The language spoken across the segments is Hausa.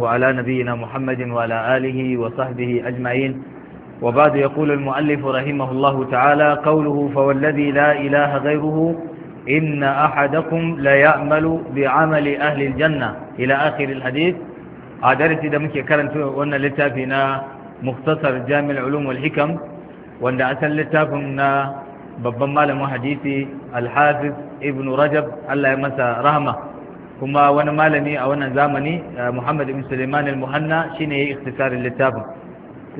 وعلى نبينا محمد وعلى آله وصحبه أجمعين وبعد يقول المؤلف رحمه الله تعالى قوله فوالذي لا إله غيره إن أحدكم ليعمل بعمل أهل الجنة إلى آخر الحديث عدرت إذا مكي كرنت وأن لتافنا مختصر جامع العلوم والحكم وأن أسل لتافنا ببما لم حديثي الحافظ ابن رجب الله يمسى رحمه kuma wani malami a wannan zamani eh, Muhammad ibn Sulaiman al-Muhanna shine yayi ikhtisarin littafin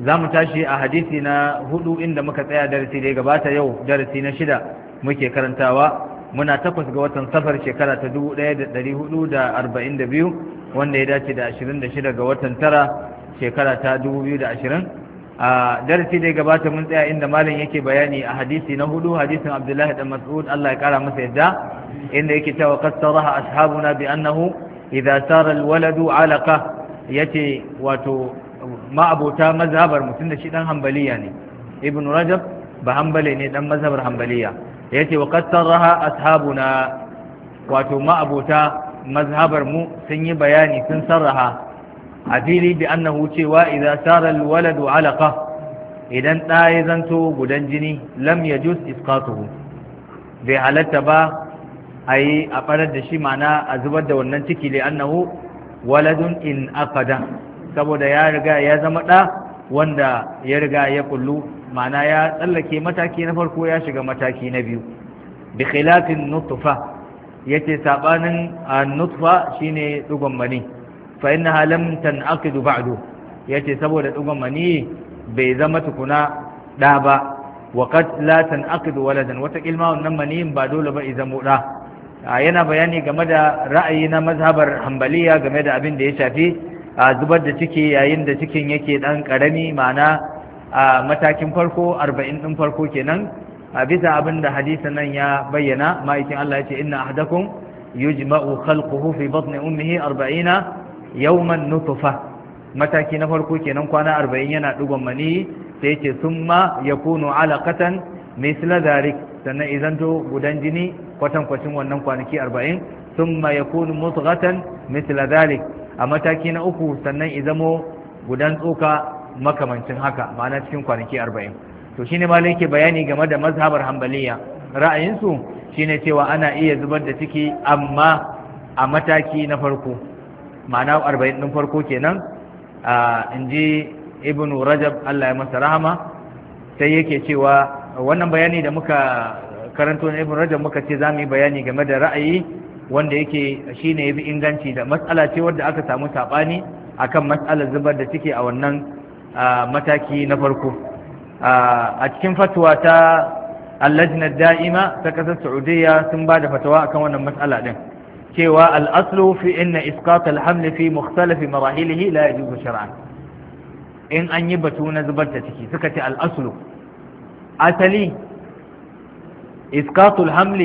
zamu tashi a hadisi na hudu inda muka tsaya darasi da gabata yau darasi na shida muke karantawa muna takwas ga watan safar shekara ta 1442 wanda ya dace da 26 ga watan tara shekara ta 2020 a darasi da gabata mun tsaya inda malam yake bayani a hadisi na hudu hadisin abdullahi dan mas'ud Allah ya kara masa yadda inda yake cewa qad saraha ashabuna bi annahu idza sara alwaladu alaqa yace wato ma abota mazhabar mutum da shi dan hanbaliya ne ibn rajab ba hanbali ne dan mazhabar hanbaliya yace wa qad saraha ashabuna wato ma'abota mazhabar mu sun yi bayani sun sarraha a fili bi annahu cewa idza sara alwaladu alaqa idan da ya zanto gudan jini lam yajuz isqatuhu bai halatta ba ayi a farar da shi mana a zubar da wannan ciki li annahu waladun in aqada saboda ya riga ya zama da wanda ya riga ya kullu ma'ana ya tsallake mataki na farko ya shiga mataki na biyu bi khilafin nutfa yace sabanin nutfa shine dugon mani fa innaha lam aqidu ba'du yace saboda dugon mani bai zama tukuna da ba wa qad la aqidu waladan wata ilma wannan mani ba dole ba izamo da yana bayani game da ra'ayi na mazhabar hanbaliya game da abin da ya shafi a zubar da ciki yayin da cikin yake dan karami ma'ana a matakin farko 40 din farko kenan a bisa abin da hadisa nan ya bayyana ma'aikin Allah ya ce inna ahdakum yujma'u khalquhu fi batni ummihi 40 yawman nutufa mataki na farko kenan kwana arba'in yana dugon mani sai yace summa yakunu alaqatan misla dhalik sannan idan to gudan jini kwatan kwacin wannan kwanaki arba'in summa yakunu mutghatan misla dhalik a mataki na uku sannan izamo gudan tsoka makamancin haka ma'ana cikin kwanaki arba'in to shine malai yake bayani game da mazhabar hanbaliya ra'ayinsu shine cewa ana iya zubar da ciki amma a mataki na farko ma'ana arba'in ɗin farko kenan in ji ibn rajab allah ya masa rahama sai yake cewa wannan bayani da muka karanto na ibn rajab muka ce za mu yi bayani game da ra'ayi wanda yake shi ne ya fi inganci da matsala ce wadda aka samu saɓani akan matsalar zubar da ciki a wannan mataki na farko a cikin fatwa ta allajinar da'ima ta ƙasar saudiya sun ba da fatawa akan wannan matsala ɗin cewa al'aslu fi inna isqat al fi mukhtalif marahilihi la yajuz shar'an in an yi batu na zubar da ciki suka ce al'aslu asali isqat al-haml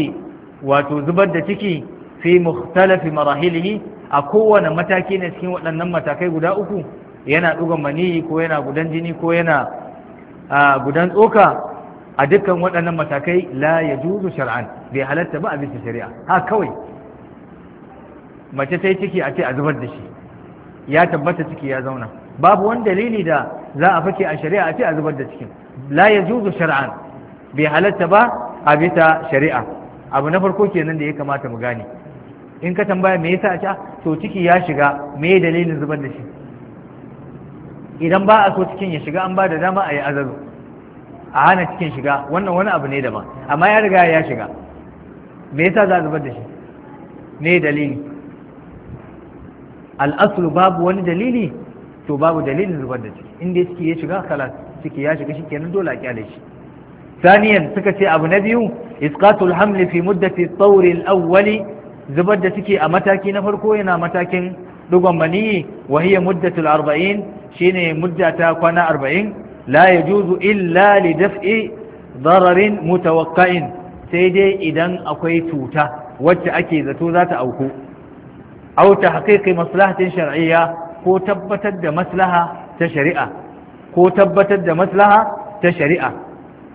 wato zubar da ciki fi mukhtalif marahilihi a kowane mataki ne cikin waɗannan matakai guda uku yana ɗuga maniyi ko yana gudan jini ko yana gudan tsoka a dukkan waɗannan matakai la ya juzu shar'an bai halatta ba a bisa shari'a ha kawai mace ta yi ciki a ce a zubar da shi ya tabbata ciki ya zauna babu wani dalili da za a fake a shari'a a ce a zubar da cikin la ya zuzu shari'an. bai halatta ba a bisa shari'a abu na farko kenan da ya kamata mu gane in ka tambaya me yasa a ce to ciki ya shiga me dalilin zubar da shi idan ba a so cikin ya shiga an ba da dama a yi azazu a hana cikin shiga wannan wani abu ne daban amma ya riga ya shiga me yasa za a zubar da shi me dalili al’asul babu wani dalili to babu dalilin zubar da ciki inda ciki ya shiga kalas ciki ya shiga shike nan dole a kyale shi saniyan suka ce abu na biyu isqatul hamli fi muddati tsawur al zubar da ciki a mataki na farko yana matakin dugon maniyi wa hiya muddatul 40 shine mudda ta kwana arba'in. la yajuzu illa li daf'i dararin mutawaqqa'in sai dai idan akwai tuta wacce ake zato zata auku au tahqiqi maslahatin shar'iyya ko tabbatar da maslaha ta shari'a ko tabbatar da maslaha ta shari'a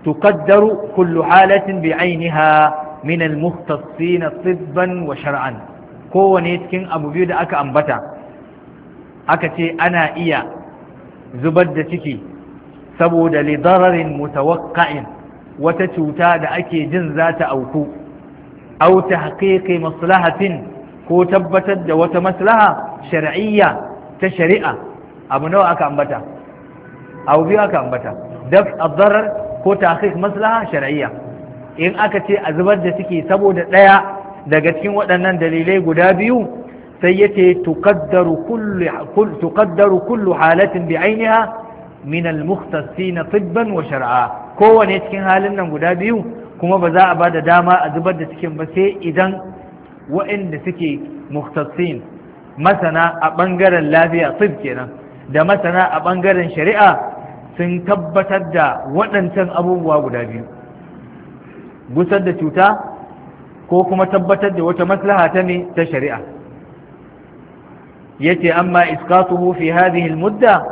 tuqaddaru kullu halatin bi ainiha min al-mukhtassin tibban wa shar'an kowane cikin abu biyu da aka ambata aka ce ana iya zubar da ciki saboda lidararin mutawakka'in wata cuta da ake jin za ta auku au tahqiqi maslahatin ko tabbatar da wata maslaha shar'iyya ta shari'a abu nawa aka ambata abu biyu aka ambata daf azarar, ko tahqiq maslaha shari'iyya in aka ce a zubar da suke saboda ɗaya daga cikin waɗannan dalilai guda biyu sai yace ce kullu kullu halatin bi ainiha min al na tibban wa shari'a kowane cikin halin nan guda biyu kuma ba za a ba da dama a zubar da cikin ba sai idan waɗanda suke muhtassin masana a ɓangaren lafiya tsib kenan da masana a ɓangaren shari'a sun tabbatar da waɗancan abubuwa guda biyu gusar da cuta ko kuma tabbatar da wata maslaha ta ne ta shari'a yace amma iskatuhu fi hadhihi almudda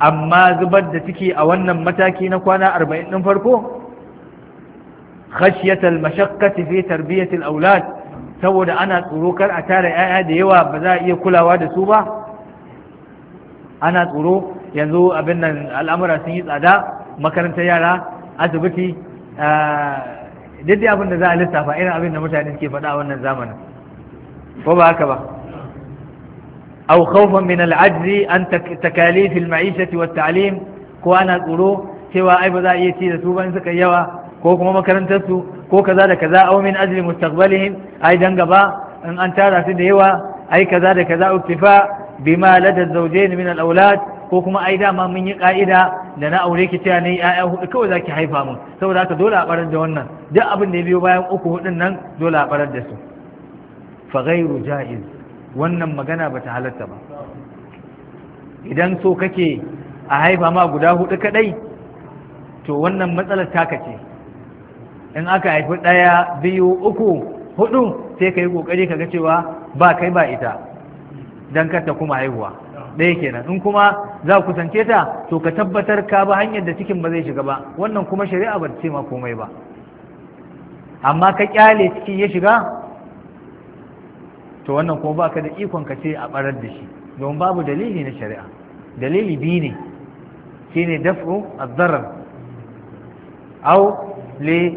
amma zubar da ciki a wannan mataki na kwana arba'in ɗin farko khashyat almashaqqati fi tarbiyat alawlad saboda ana tsoro kar a tara 'ya'ya da yawa ba za a iya kulawa da su ba ana tsoro yanzu abin nan al'amura sun yi tsada makarantar yara asibiti duk da abin da za a lissafa irin abin da mutane suke faɗa a wannan zamanin ko ba haka ba أو an من العجز عن تكاليف المعيشة ta'lim ko ana tsoro cewa ai ba za a iya ci da su ba in suka yawa ko kuma makarantarsu ko kaza da kaza aw min ajli mustaqbalihim ai dan gaba in an tara su da yawa ai kaza da kaza uktifa bima lada zawjayn min al awlad ko kuma ai dama mun yi ka'ida da na aure ki cewa ne ya'ya huɗu kawai zaki haifa mun saboda haka dole a barar da wannan duk abin da ya biyo bayan uku hudun nan dole a barar da su fa ghairu jaiz wannan magana bata halatta ba idan so kake a haifa ma guda hudu kadai to wannan matsalar taka ce in aka haifi ɗaya biyu uku hudu sai ka yi ƙoƙari ka ga cewa ba kai ba ita don ta kuma haihuwa ɗaya kenan in kuma za ku kusance ta to ka tabbatar ka ba hanyar da cikin ba zai shiga ba wannan kuma shari'a ba ta ce ma komai ba amma ka kyale ciki ya shiga to wannan kuma ba ka da ikon ka ce a barar da shi don babu dalili na shari'a dalili biyu ne shine daf'u a darar au li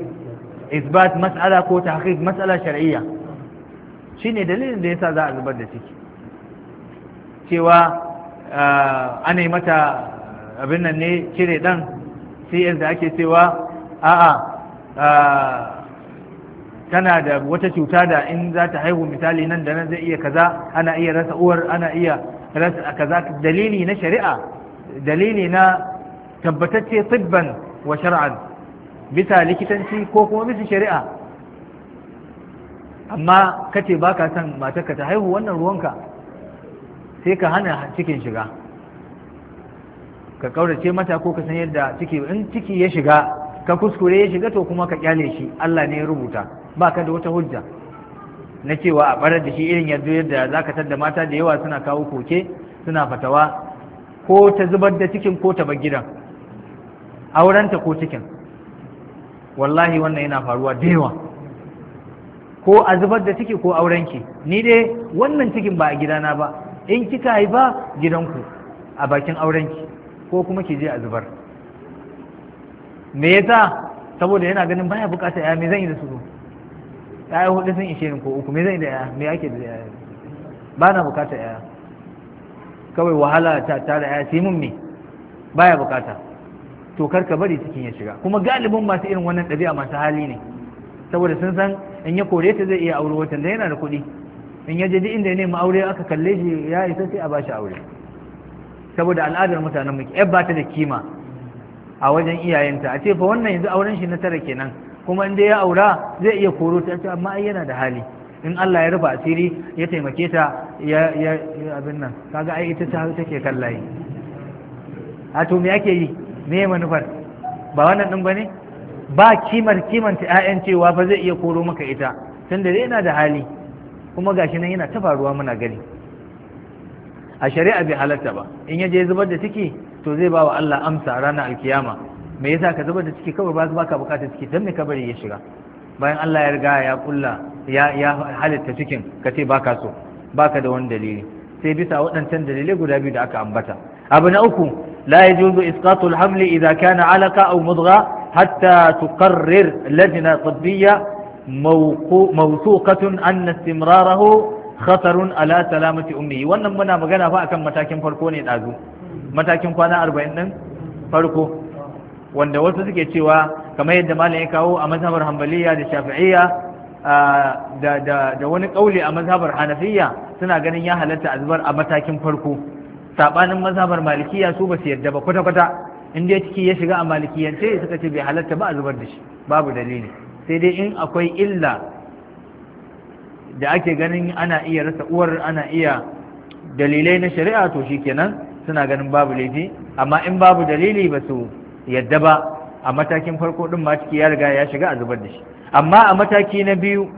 isbat mas'ala ko tahqiq mas'ala shar'iyya shine dalilin da yasa za a zubar da ciki cewa ana yi mata abin nan ne cire dan cs da ake cewa a'a tana da wata cuta da in za ta haihu misali nan da nan zai iya kaza ana iya rasa uwar ana iya rasa kaza dalili na shari'a dalili na tabbatacce tibban wa shar'an bisa likitanci ko kuma bisa shari'a amma kace baka son matarka ta haihu wannan ruwanka sai ka hana cikin shiga ka kaurace mata ko ka san yadda ciki in ciki ya shiga ka kuskure ya shiga to kuma ka kyale shi Allah ne ya rubuta Ba ka da wata hujja na cewa a barar da shi irin yanzu yadda za ka tadda mata da yawa suna kawo koke suna fatawa ko ta zubar da cikin ko ta bar gidan aurenta ko cikin wallahi wannan yana faruwa da yawa ko a zubar da ciki ko aurenki ni dai wannan cikin ba a gidana ba in kika haifa gidanku a bakin aurenki ko kuma ki je a zubar me yasa saboda yana ganin baya bukata ya me zan yi da su ya hudu sun ishe ni ko uku me zan yi da ya me ake da ya ba na bukata ya kawai wahala ta tare ya sai mun me baya bukata to karka ka bari cikin ya shiga kuma galibin masu irin wannan ɗabi'a masu hali ne saboda sun san in ya kore ta zai iya aure watan da yana da kuɗi in ya je inda ya nema aure aka kalle shi ya isa sai a ba shi aure saboda al'adar mutanen mu ƴar ba ta da kima a wajen iyayenta a ce fa wannan yanzu auren shi na tara kenan kuma in dai ya aura zai iya koro ta amma ai yana da hali in Allah ya rufa asiri ya taimake ta ya ya abin nan kaga ai ita ta take kallaye a to me ake yi me manufar ba wannan din ne ba kimar kimanta 'ya'yan cewa ba zai iya koro maka ita tunda dai yana da hali kuma gashi nan yana ta faruwa muna gani a shari'a bai halatta ba in ya je zubar da ciki to zai ba wa Allah amsa ranar alkiyama me yasa ka zubar da ciki kawai ba ka bukatar ciki dan me kabari ya shiga bayan Allah ya riga ya kulla ya ya halitta cikin ka ce baka so baka da wani dalili sai bisa waɗancan dalilai guda biyu da aka ambata abu na uku لا يجوز إسقاط الحبل إذا كان علقة أو مضغة حتى تقرر لجنة طبية موثوقة أن استمراره خطر على سلامة أمه wannan muna magana fa akan matakin farko ne dazu matakin kwana 40 din farko wanda wasu suke cewa kamar yadda malam ya kawo a mazhabar Hanbaliya da Shafi'iyya da wani ƙaule a mazhabar Hanafiyya suna ganin ya halatta azbar a matakin farko sabanin mazhabar malikiya su ba su yarda ba kwata-kwata inda ya ciki ya shiga a malikiyance suka ce bai halatta ba a zubar da shi babu dalili sai dai in akwai illa da ake ganin ana iya rasa uwar ana iya dalilai na shari'a to kenan, suna ganin babu laifi amma in babu dalili ba su yadda ba a matakin farko din ma ciki ya riga ya shiga a zubar da shi amma a mataki na biyu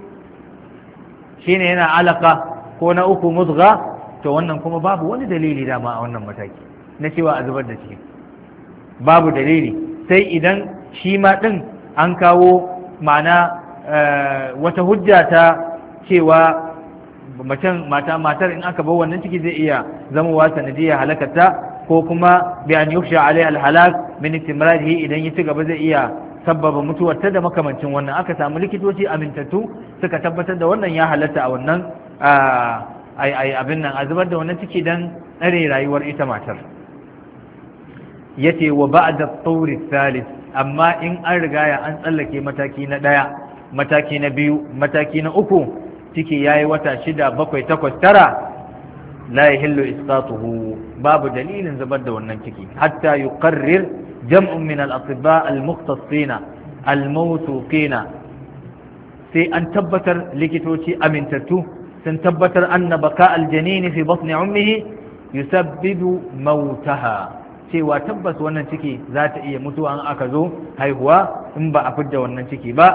shine yana alaka ko na uku muzga to wannan kuma babu wani dalili dama a wannan mataki na cewa a zubar da ciki babu dalili sai idan shi ma din an kawo ma'ana eh, wata hujja ta cewa macen mata matar in aka bar wannan ciki zai iya wa sanadiyar halakarta ko kuma bi an yufsha alai alhalak min istimrarihi idan ya ci gaba zai iya sabbaba mutuwar ta da makamancin wannan aka samu likitoci amintattu suka tabbatar da wannan ya halatta a wannan ah, ai ai abin nan a zubar da wannan ciki dan tsare rayuwar ita matar yace wa ba'da tawri thalith amma in an rigaya an tsallake mataki na daya mataki na biyu mataki na uku ciki yayi wata shida bakwai takwas tara la yahillu isqatuhu babu dalilin zubar da wannan ciki hatta yuqarrir jam'un min al-atibba al-mukhtasina al-mawthuqina sai an tabbatar likitoci amintattu sun tabbatar anna baka aljanini fi batni ummihi yusabbidu mautaha cewa tabbas wannan ciki za ta iya mutuwa in aka zo haihuwa in ba a fidda wannan ciki ba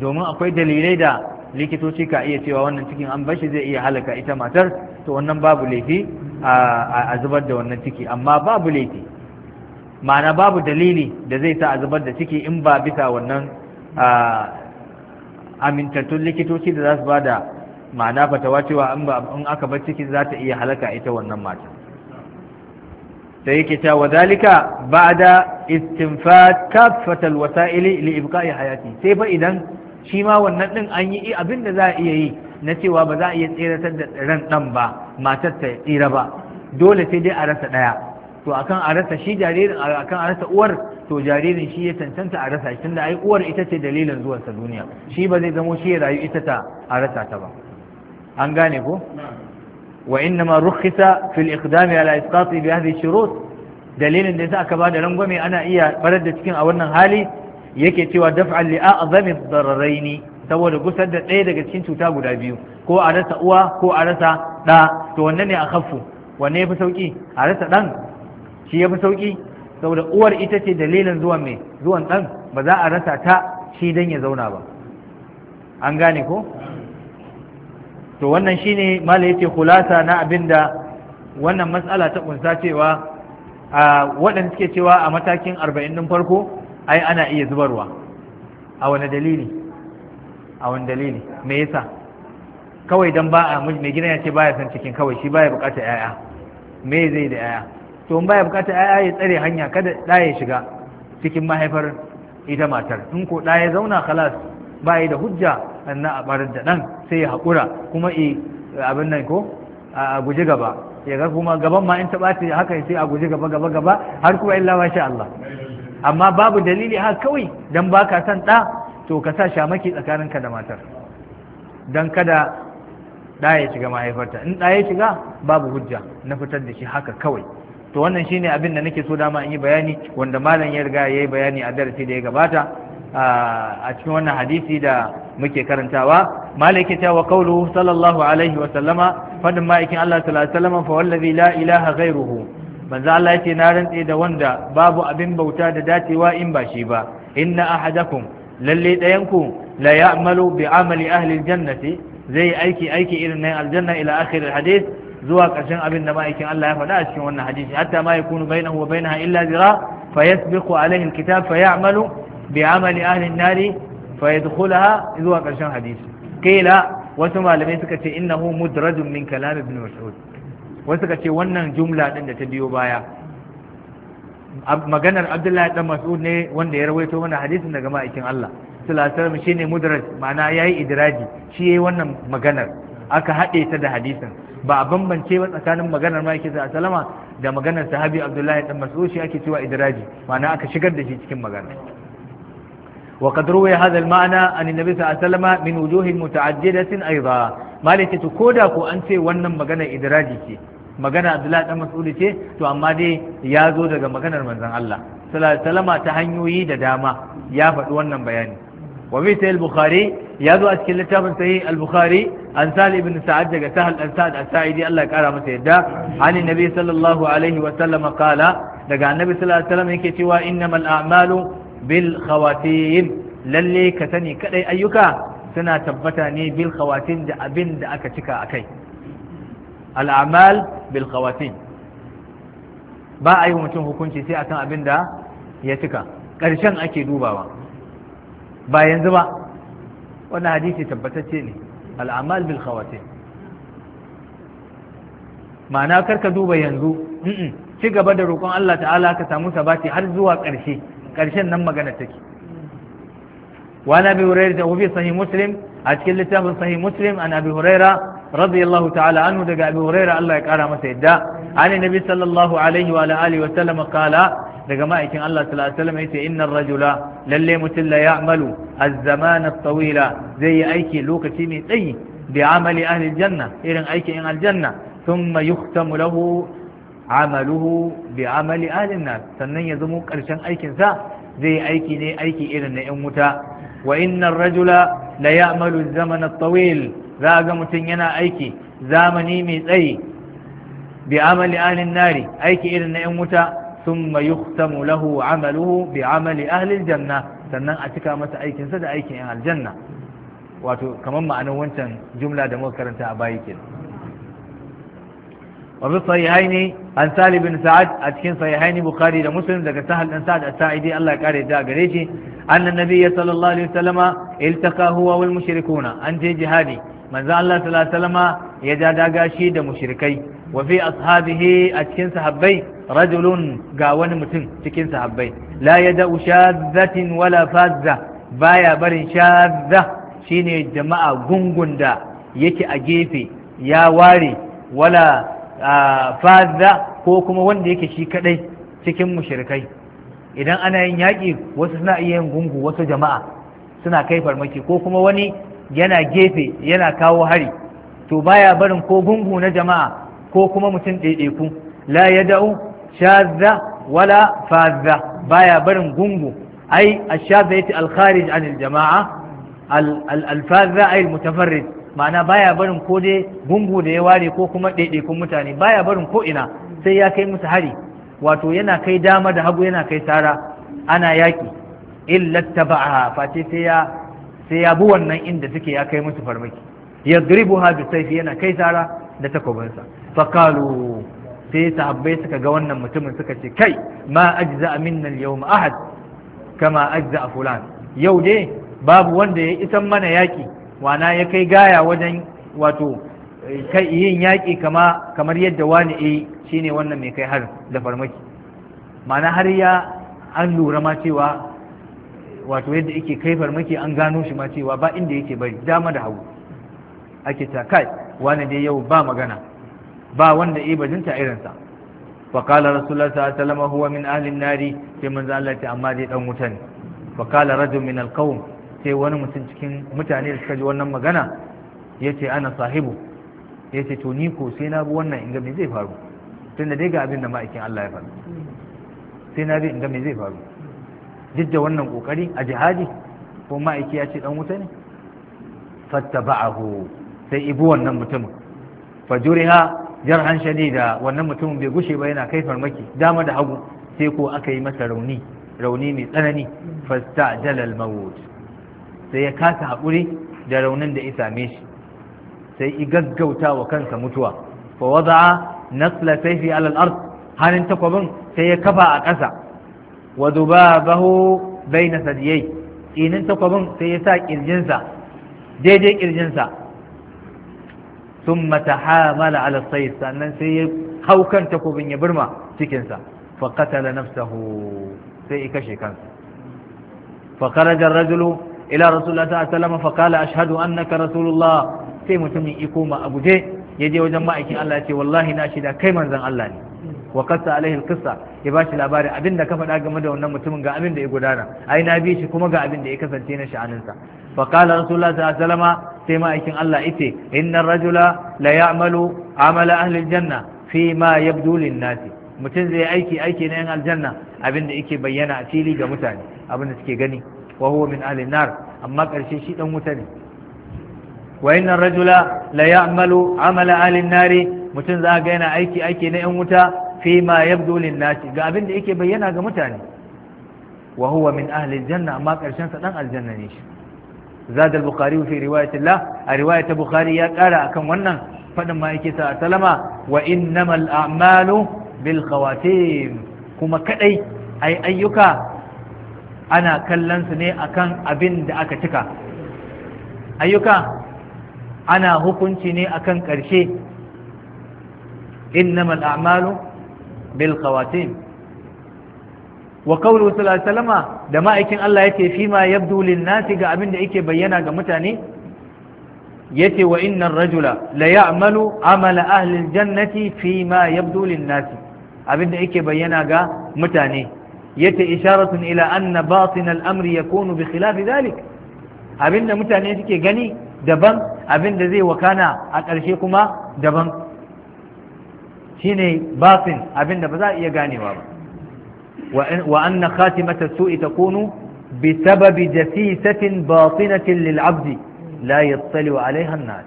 domin akwai dalilai da likitoci ka iya cewa wannan cikin an bashi zai iya halaka ita matar to wannan babu laifi a zubar da wannan ciki amma babu laifi ma'ana babu dalili da zai sa a zubar da ciki in ba bisa wannan amintattun likitoci da za su ba da ma'ana fatawa cewa in ba in aka bar ciki za ta iya halaka ita wannan mata sai yake ta wa zalika ba'da istinfat kaffat alwasa'il li ibqa'i hayati sai fa idan shi ma wannan din an yi abin da za a iya yi na cewa ba za a iya tseratar da ran dan ba matar ta tsira ba dole sai dai a rasa daya to akan a rasa shi jaririn akan a rasa uwar to jaririn shi ya cancanta a rasa shi tunda ai uwar ita ce dalilin zuwansa duniya shi ba zai zamo shi ya rayu ita ta a rasa ta ba an gane ko wa ma rukhisa fil iqdami ala isqati bi hadhihi shurut dalilin da yasa aka da rangwame ana iya barar da cikin a wannan hali yake cewa daf'an li a'zami ad-dararain saboda gusar da ɗaya daga cikin cuta guda biyu ko a rasa uwa ko a rasa ɗa to wanne ne a kafu wanne ya fi a rasa ɗan shi ya fi saboda uwar ita ce dalilin zuwan mai zuwan ɗan ba za a rasa ta shi dan ya zauna ba an gane ko to wannan shine ne yake kulasa na abinda wannan matsala ta kunsa cewa a waɗanda suke cewa a matakin arba'in din farko ai ana iya zubarwa a wani dalili a wani dalili me yasa kawai don ba a mai gina ya ce baya san cikin kawai shi baya bukata yaya me zai da yaya to in baya bukata yaya ya tsare hanya kada da ya shiga cikin mahaifar ita matar in ko da ya zauna khalas ba da hujja annan a barar da ɗan sai ya haƙura kuma abin nan ko a guji gaba ya ga kuma gaban ma in ta haka sai a guji gaba gaba gaba har kuma illa ma sha Allah amma babu dalili haka kawai dan baka son ɗa to ka sa shamaki ka da matar dan kada ɗa ya shiga mahaifarta in ɗa ya shiga babu hujja na fitar da shi haka kawai to wannan shine abin da nake so dama in yi bayani wanda malam ya riga ya yi bayani a darasi da ya gabata a cikin wannan hadisi da muke karantawa malaki ta wa qawluhu sallallahu alaihi wa sallama fadin ma'aikin Allah sallallahu alaihi wa sallama fa wallazi la ilaha ghairuhu manzo Allah yake na rantse da wanda babu abin bauta da dacewa in ba shi ba inna ahadakum lalle dayanku la ya'malu bi amali ahli aljannati zai aiki aiki irin nan aljanna ila akhir alhadith zuwa ƙarshen abin da ma'aikin Allah ya faɗa a cikin wannan hadisi hatta ma yakunu bainahu wa bainaha illa zira fa yasbiqu alaihi alkitab fa ya'malu bi amali ahlin nari fa yadkhulaha zuwa karshen hadisi kila wasu malamai suka ce innahu mudrajun min kalam ibn mas'ud wasu suka ce wannan jumla din da ta biyo baya maganar abdullahi dan mas'ud ne wanda ya rawaito mana hadisin daga ma'aikin Allah sallallahu alaihi shine mudraj ma'ana yayi idraji shi yayi wannan maganar aka haɗe ta da hadisin ba a bambance ba tsakanin maganar ma'aiki sallallahu alaihi da maganar sahabi abdullahi dan mas'ud shi ake cewa idraji ma'ana aka shigar da shi cikin magana وقد روي هذا المعنى عن النبي صلى الله عليه وسلم من وجوه متعددة أيضا ما لك تكودا كو أنت وانا مغانا إدراجي magana Abdullahi dan Mas'udi ce to amma dai ya zo daga maganar manzon Allah sallallahu ta hanyoyi da dama ya faɗi wannan bayani wa bi sahih bukhari ya zo a cikin littafin sahih al-bukhari an sal ibn sa'ad daga sahal dan sa'ad as Allah ya kara masa yadda ani nabi sallallahu alaihi daga annabi yake cewa innamal a'malu bil khawatin lalle ka sani kadai ayyuka suna tabbata ne bil khawatin da abin da aka cika akai al'amal bil khawatin ba a yi mutum hukunci sai akan abin da ya cika ƙarshen ake dubawa ba yanzu ba wannan hadisi tabbatacce ne al'amal bil khawatin ma'ana karka duba yanzu ci gaba da roƙon Allah ta'ala ka samu sabati har zuwa ƙarshe ƙarshen nan magana take wa na bi ta fi sahih muslim a cikin littafin sahih muslim an abi hurairah radiyallahu ta'ala anhu daga abi hurairah Allah ya kara masa yadda an nabi sallallahu alaihi wa alihi wa sallam qala daga ma'aikin Allah sallallahu alaihi wa sallam yace innar rajula lalle mutum la ya'malu az-zaman at-tawila zai yi aiki lokaci mai tsayi bi amali ahli janna irin aikin aljanna thumma yuhtamu lahu amaluhu bi amali alin nas sannan ya zamo karshen aikin sa zai aiki ne aiki irin na yan wuta wa innar rajula la ya'malu zaman at-tawil za ga mutum yana aiki zamani mai tsayi bi amali alin nari aiki irin na yan wuta thumma yuhtamu lahu amaluhu bi amali ahlil janna sannan a cika masa aikinsa da aikin yan aljanna wato kamar ma'anar wancan jumla da muka karanta a baya kenan wa fi sahihaini an salih bin sa'ad a cikin sahihaini bukhari da muslim daga sahal dan sa'ad as-sa'idi Allah ya kare da gare shi annan nabiyyi sallallahu alaihi wasallama iltaqa huwa wal mushrikuna an je jihadi manzo Allah sallallahu alaihi wasallama ya ja daga shi da mushrikai wa fi ashabihi a cikin sahabbai rajulun ga wani mutum cikin sahabbai la yada'u shadhatin wala fazza baya barin shadha shine jama'a gungun da yake a gefe ya ware wala Faza ko kuma wanda yake shi kadai cikin mushrikai idan ana yin yaƙi wasu suna iya yin gungu wasu jama'a suna kai farmaki ko kuma wani yana gefe yana kawo hari to baya barin ko gungu na jama'a ko kuma mutum ɗaiɗaiku la ya da'u shazza wala faza baya barin gungu ai ashazza yati al-kharij anil jama'a alfaza ay al ma'ana baya barin ko dai gungu da ya ware ko kuma ɗaiɗaikun mutane baya barin ko ina sai ya kai musu hari wato yana kai dama da hagu yana kai sara ana yaƙi. illa tabaha face sai ya sai ya bi wannan inda suke ya kai musu farmaki haɗu bi sayfi yana kai sara da takobinsa fakalu sai sahabbai suka ga wannan mutumin suka ce kai ma ajza minna al ahad kama a fulan yau dai babu wanda ya isan mana yaƙi. wana ya kai gaya wajen wato eh, yin yaƙi kama kamar yadda wani e eh, ne wannan mai kai har da farmaki mana har ya an lura ma cewa wato yadda yake kai farmaki an gano shi ma cewa ba inda yake bari dama da hagu ake ta kai wani dai yau ba magana ba wanda e bajinta irinsa فقال رسول الله صلى الله عليه وسلم هو من أهل النار في amma zai دي wuta ne. فقال رجل من القوم sai wani mutum cikin mutane da suka ji wannan magana ya ce ana sahibu ya ce to ni ko sai na bi wannan inga me zai faru tun da dai ga abin da ma'aikin Allah ya faru sai na bi inga me zai faru duk da wannan kokari a jihadi ko ma'aiki ya ce dan wuta ne Fatta fattaba'ahu sai ibu wannan mutumin fajuriha jarhan shadida wannan mutumin bai gushe ba yana kai farmaki dama da hagu sai ko aka yi masa rauni rauni mai tsanani fasta jalal mawut sai ya kasa haƙuri da raunin da ya same shi sai i gaggauta wa kansa mutuwa fa wada'a nasla sayfi ala al-ard Hanin takwabin sai ya kafa a ƙasa wa dubabahu baina sadiyai tsinin takwabin sai ya sa kirjinsa daidai kirjinsa thumma tahamala ala sayf sannan sai ya hau kan takwabin ya birma cikinsa fa qatala nafsahu sai ya kashe kansa fa ila rasulullah ta sallama fa ashhadu annaka rasulullah sai mutumin iko ma ya je yaje wajen ma'aikin Allah ya ce wallahi na shida kai manzon Allah ne wa qassa alaihi alqissa ya bashi labarin abinda ka faɗa game da wannan mutumin ga abin da ya gudana ai na bi shi kuma ga abin da ya kasance na sha'aninsa fa qala rasulullah ta sallama sai ma'aikin Allah yace innar rajula la ya'malu amala ahli aljanna fi ma yabdu lin nasi mutum zai aiki aiki na yan aljanna abinda yake bayyana a fili ga mutane abin da suke gani wa min ahlin nar amma karshe shi dan wuta ne wa rajula la ya'malu amala ahlin mutum za ga yana aiki aiki na yan wuta fi ma yabdu lin ga abin da yake bayyana ga mutane wa min janna amma karshen sa dan aljanna ne shi زاد البخاري في رواية الله رواية بخاري يقرأ كم ونن فنما يكسى سلما وإنما الأعمال بالخواتيم kuma كأي أي ayyuka. ana kallon su ne akan abin da aka cika ayyuka ana hukunci ne akan ƙarshe innamal a'malu bil khawatim wa qawlu sallallahu da ma'aikin Allah yake fi ma yabdu lin nasi ga abin da yake bayyana ga mutane yace wa innar rajula la ya'malu amala ahli al jannati fi ma yabdu lin nasi abin da yake bayyana ga mutane yace isharatun ila anna batin ya amr yakunu bi khilaf dhalik abinda mutane suke gani daban abinda zai wakana a ƙarshe kuma daban shine batin abinda ba za a iya ganewa ba wa anna khatimata su'i takunu bi sababi jasisatin batinatin lil 'abdi la yattali alaiha nas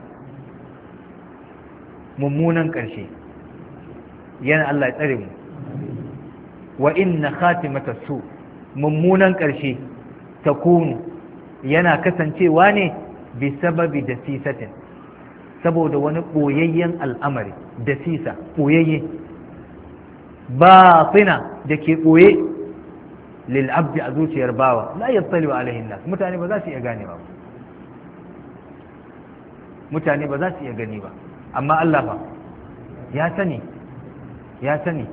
mummunan ƙarshe yana Allah ya tsare mu wa inna khatimata su mummunan ƙarshe ta kunu yana kasancewa ne bi sababi da sisatin saboda wani ɓoyayyen al'amari da sisa ɓoyayye fina da ke ɓoye lil'abdi a zuciyar bawa la yattali wa alaihin nas mutane ba za su iya gane ba mutane ba za su iya gani ba amma Allah ba ya sani ya sani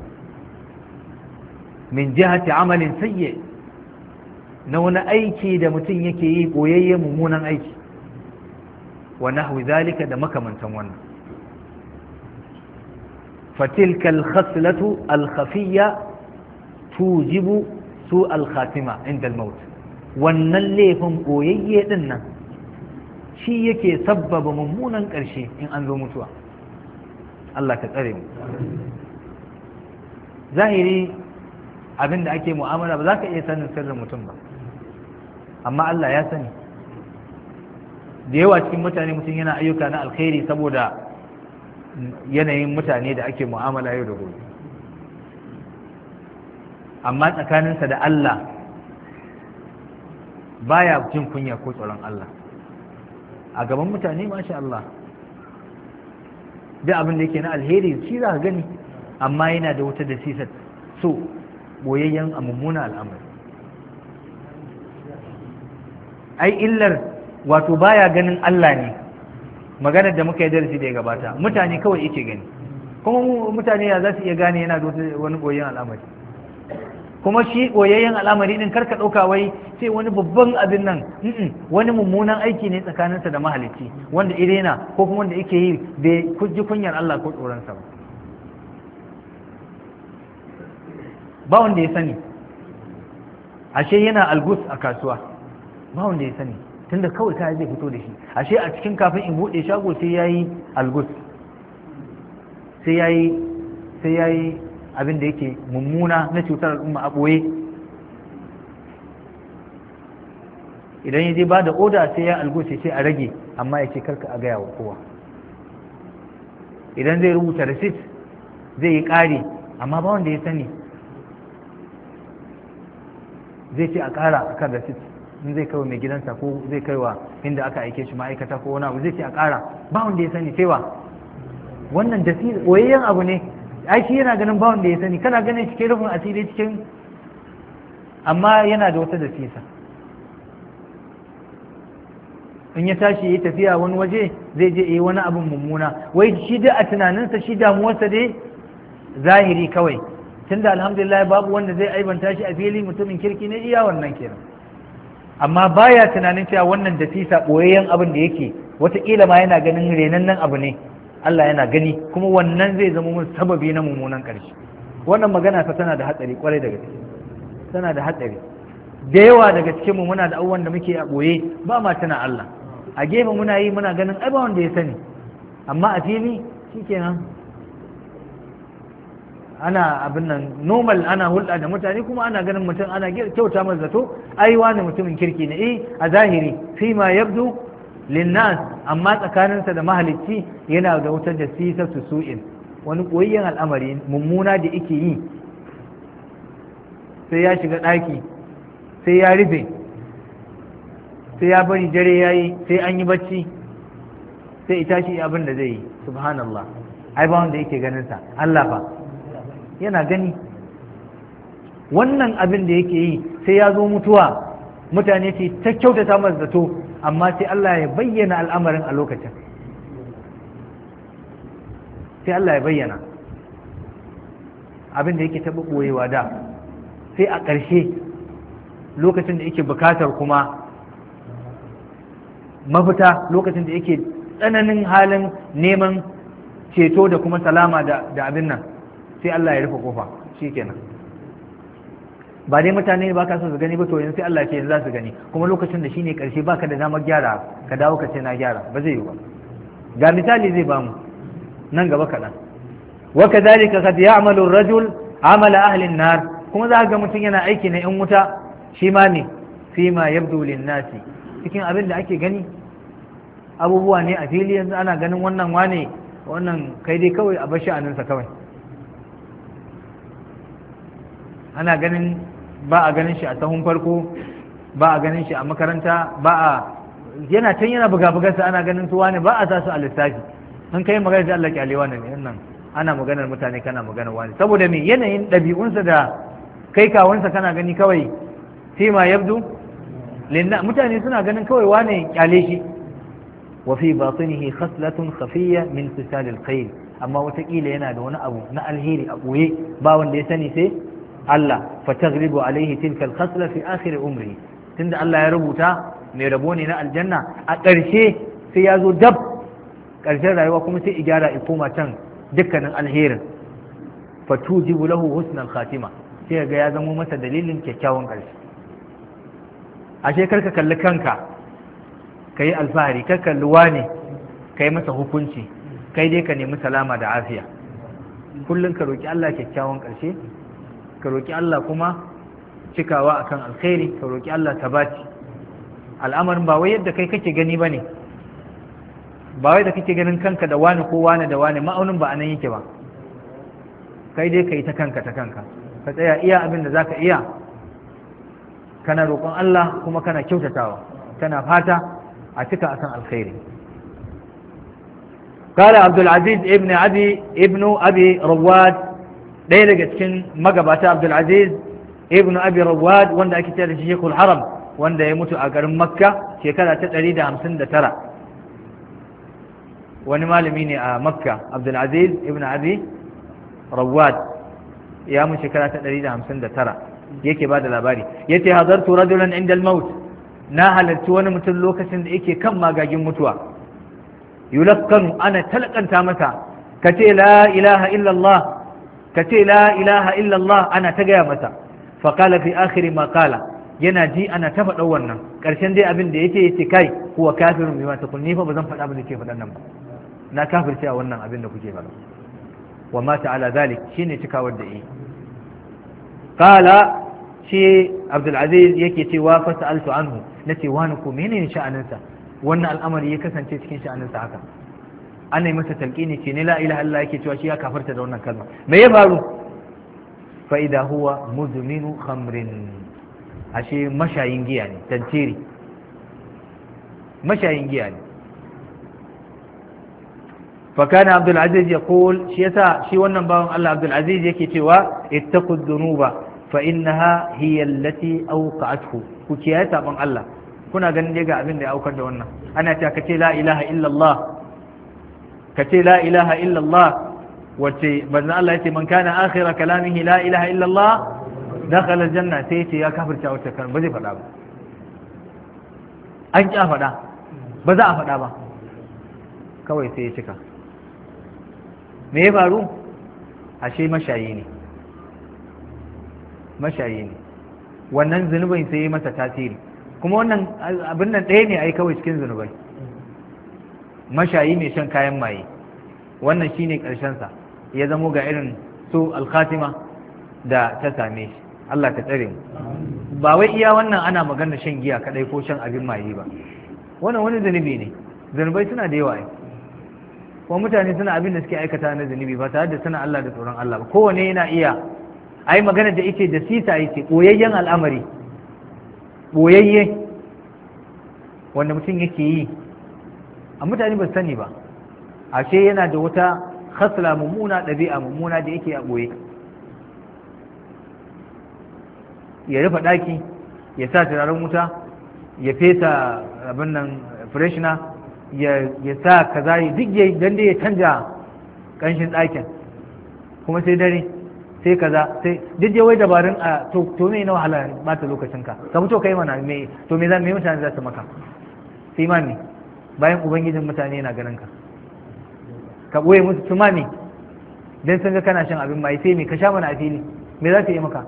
min jiha jihati amalin sayye na wani aiki da mutum yake yi boyayye mummunan aiki wa nahwi zalika da makamantan wannan fatilka al-khaslatu al-khafiyya tujibu su al-khatima inda wannan laifin boyayye ɗinnan shi yake sabbaba mummunan ƙarshe in an zo mutuwa Allah ka tsare mu zahiri abin da ake mu'amala ba za ka iya sanin sirrin mutum ba amma Allah ya sani da yawa cikin mutane mutum yana ayyuka na alkhairi saboda yanayin mutane da ake mu'amala yau da gobe amma tsakaninsa da Allah baya jin kunya ko tsoron Allah a gaban mutane masha Allah duk abin da yake na alheri shi za ka gani amma yana da wuta da so boyayyen a mummuna al'amari ai illar wato baya ganin Allah ne maganar da muka yi darasi da ya gabata mutane kawai yake gani kuma mutane ya za su iya gane yana da wani boyayyen al'amari kuma shi boyayyen al'amari din karka ɗauka wai sai wani babban abin nan wani mummunan aiki ne tsakaninsa da mahalicci wanda irena ko kuma wanda yake yi bai kuji kunyar Allah ko tsoronsa ba ba wanda ya sani ashe yana algus a kasuwa ba wanda ya sani tunda kawai kaya zai fito da shi ashe a cikin kafin in bude shago sai yayi algus sai yayi sai yayi abin da yake mummuna na cutar al'umma a ɓoye idan ya je ba da oda sai ya algus ya ce a rage amma ya ce karka a gaya wa kowa idan zai rubuta receipt zai yi ƙari amma ba wanda ya sani zai ce a ƙara kan rasit in zai kai mai gidansa ko zai kai wa inda aka aike shi ma'aikata ko wani abu zai ce a ƙara ba wanda ya sani sai wa wannan da boyayyen abu ne ai shi yana ganin ba wanda ya sani kana ganin cikin rufin asiri cikin amma yana da wata dasisa in ya tashi ya tafiya wani waje zai je yi wani abin mummuna wai shi da a tunaninsa shi damuwarsa dai zahiri kawai tunda alhamdulillah babu wanda zai aibanta shi a fili mutumin kirki ne iya wannan kenan amma baya tunanin cewa wannan da fisa boyayyen abin da yake wataƙila ma yana ganin renan nan abu ne Allah yana gani kuma wannan zai zama mun sababi na mummunan ƙarshe wannan magana fa tana da hatsari kwarai daga gaske tana da hatsari da yawa daga cikin mu muna da abubuwan da muke a boye ba ma tana Allah a gefe muna yi muna ganin ai ba wanda ya sani amma a fili shikenan ana abin nan normal ana hulɗa da mutane kuma ana ganin mutum ana kyauta masa zato ai wani mutumin kirki ne eh a zahiri fi ma yabdu linnas amma tsakaninsa da mahalicci yana da wutar da sisa su su'in wani koyayyen al'amari mummuna da yake yi sai ya shiga ɗaki sai ya rufe sai ya bari dare ya yi sai an yi bacci sai ita shi abin da zai yi subhanallah ai ba wanda yake ganin sa Allah ba yana gani wannan abin da yake yi sai ya zo mutuwa mutane ce ta kyautata masa zato amma sai Allah ya bayyana al'amarin a lokacin sai Allah ya bayyana abin da yake taɓa ɓoyewa da sai a ƙarshe lokacin da yake bukatar kuma mafita lokacin da yake tsananin halin neman ceto da kuma salama da abin nan sai Allah ya rufe kofa shikenan ba dai mutane ba ka su gani ba to yanzu sai Allah ke yanzu za su gani kuma lokacin da shine karshe baka da damar gyara ka dawo ka ce na gyara ba zai yi ba ga misali zai ba mu, nan gaba kaɗan wa kadhalika qad ya'malu ar-rajul amala ahli an-nar kuma za ga mutum yana aiki na yan wuta shi ma ne fi ma yabdu lin-nasi cikin abin da ake gani abubuwa ne a fili yanzu ana ganin wannan wane wannan kai dai kawai a bar sha'aninsa kawai ana ganin ba a ganin shi a sahun farko ba a ganin shi a makaranta ba a yana can yana buga-bugarsa ana ganin su wane ba a sa su a lissafi in kai magana da Allah kyalewa ne nan ana maganar mutane kana maganar wani saboda me yanayin ɗabi'unsa da kai kawunsa kana gani kawai fima yabdu lina mutane suna ganin kawai wane kyale shi wa fi batinihi khaslatun khafiyya min fisalil khayl amma kila yana da wani abu na alheri a boye ba wanda ya sani sai Allah fa taghlibu alaihi tilka al-khasla fi akhir umri tunda Allah ya rubuta mai rabo ne na aljanna a ƙarshe sai ya zo dab ƙarshen rayuwa kuma sai gyara i koma can dukkanin alherin fa tujibu lahu husnal khatima sai ga ya zamo masa dalilin kyakkyawan ƙarshe ashe kar ka kalli kanka yi alfahari kar kalli wane kai masa hukunci kai dai ka nemi salama da afiya kullum ka roki Allah kyakkyawan ƙarshe ka roƙi Allah kuma cikawa akan alkhairi ka roƙi Allah ta tabati al'amarin ba wai yadda kai kake gani ba ne. ba wai da kake ganin kanka da wani ko wani da wani ma'aunin ba a anan yake ba kai dai ka yi ta kanka ta kanka ka tsaya iya abin da ka iya kana roƙon Allah kuma kana kyautatawa kana fata a cika akan alkhairi قال عبد العزيز ابن عدي ابن أبي رواد ɗaya daga cikin magabata abdulaziz ibn abi rawad wanda ake tare da shekul haram wanda ya mutu a garin makka shekara ta ɗari da hamsin da tara wani malami ne a makka abdulaziz ibn abi rawad ya mu shekara ta ɗari da hamsin da tara yake ba da labari ya ce hazartu rajulan inda maut na halarci wani mutum lokacin da yake kan magagin mutuwa yulakkanu ana talakanta masa ka ce la ilaha illallah ka ce la ilaha illallah ana ta gaya mata faƙala fi akhiri maƙala yana ji ana ta faɗa wannan ƙarshen dai abin da yake yace kai kuwa kafirun bai mata kun fa ba zan faɗa ba ke faɗan nan ba na kafirce a wannan abin da kuke faɗa wa mata ala zalik shine cikawar da yi qala shi abdul aziz yake cewa fa sa'altu anhu nace wani ko menene sha'aninsa wannan al'amari ya kasance cikin sha'aninsa haka an yi masa talqini ce ne la ilaha illallah yake cewa shi ya kafarta da wannan kalma me ya faru fa idha huwa mudminu khamrin ashe mashayin giya ne tantiri mashayin giya ne fa kana abdul aziz yaqul shi yasa shi wannan bawan Allah abdul aziz yake cewa ittaqu dhunuba fa innaha hiya allati awqa'athu ku kiyaye saban Allah kuna ganin dai ga abin da ya aukar da wannan ana cewa kace la ilaha illallah ka ce la ilaha illallah wacce manzon Allah ya ce man kana akhira kalamihi la ilaha illallah dakhala aljanna sai yace ya kafirta wacce kan ba zai faɗa ba an ƙi a faɗa ba za a faɗa ba kawai sai ya cika me ya faru ashe mashayi ne mashayi ne wannan zunubin sai ya masa tasiri kuma wannan abin nan ɗaya ne a yi kawai cikin zunubai mashayi mai shan kayan maye wannan shine karshen sa ya zamo ga irin su alkhatima da ta same shi Allah ta tsare mu ba wai iya wannan ana magana shan giya kaɗai ko shan abin maye ba wannan wani zunubi ne zunubai suna da yawa ko mutane suna abin da suke aikata na zunubi ba tare da suna Allah da tsoron Allah ba kowane yana iya ai magana da ita da sita yake boyayyen al'amari boyayye wanda mutum yake yi a mutane ba sani ba ashe yana da wata khasla mummuna ɗabi'a mummuna da yake a ɓoye ya rufe ɗaki ya sa turaren wuta ya fesa abin nan freshna ya sa kaza ya duk ya dan ya canja ƙanshin ɗakin kuma sai dare sai kaza sai duk ya wai dabarun a to to me na wahala ba ta lokacin ka ka yi kai mana me to me za me mutane za su maka sai ma ne bayan ubangijin mutane na ganin ka ka ɓoye musu tuma ne don sun ga kana shan abin mai sai me ka sha mana a fili me za su yi maka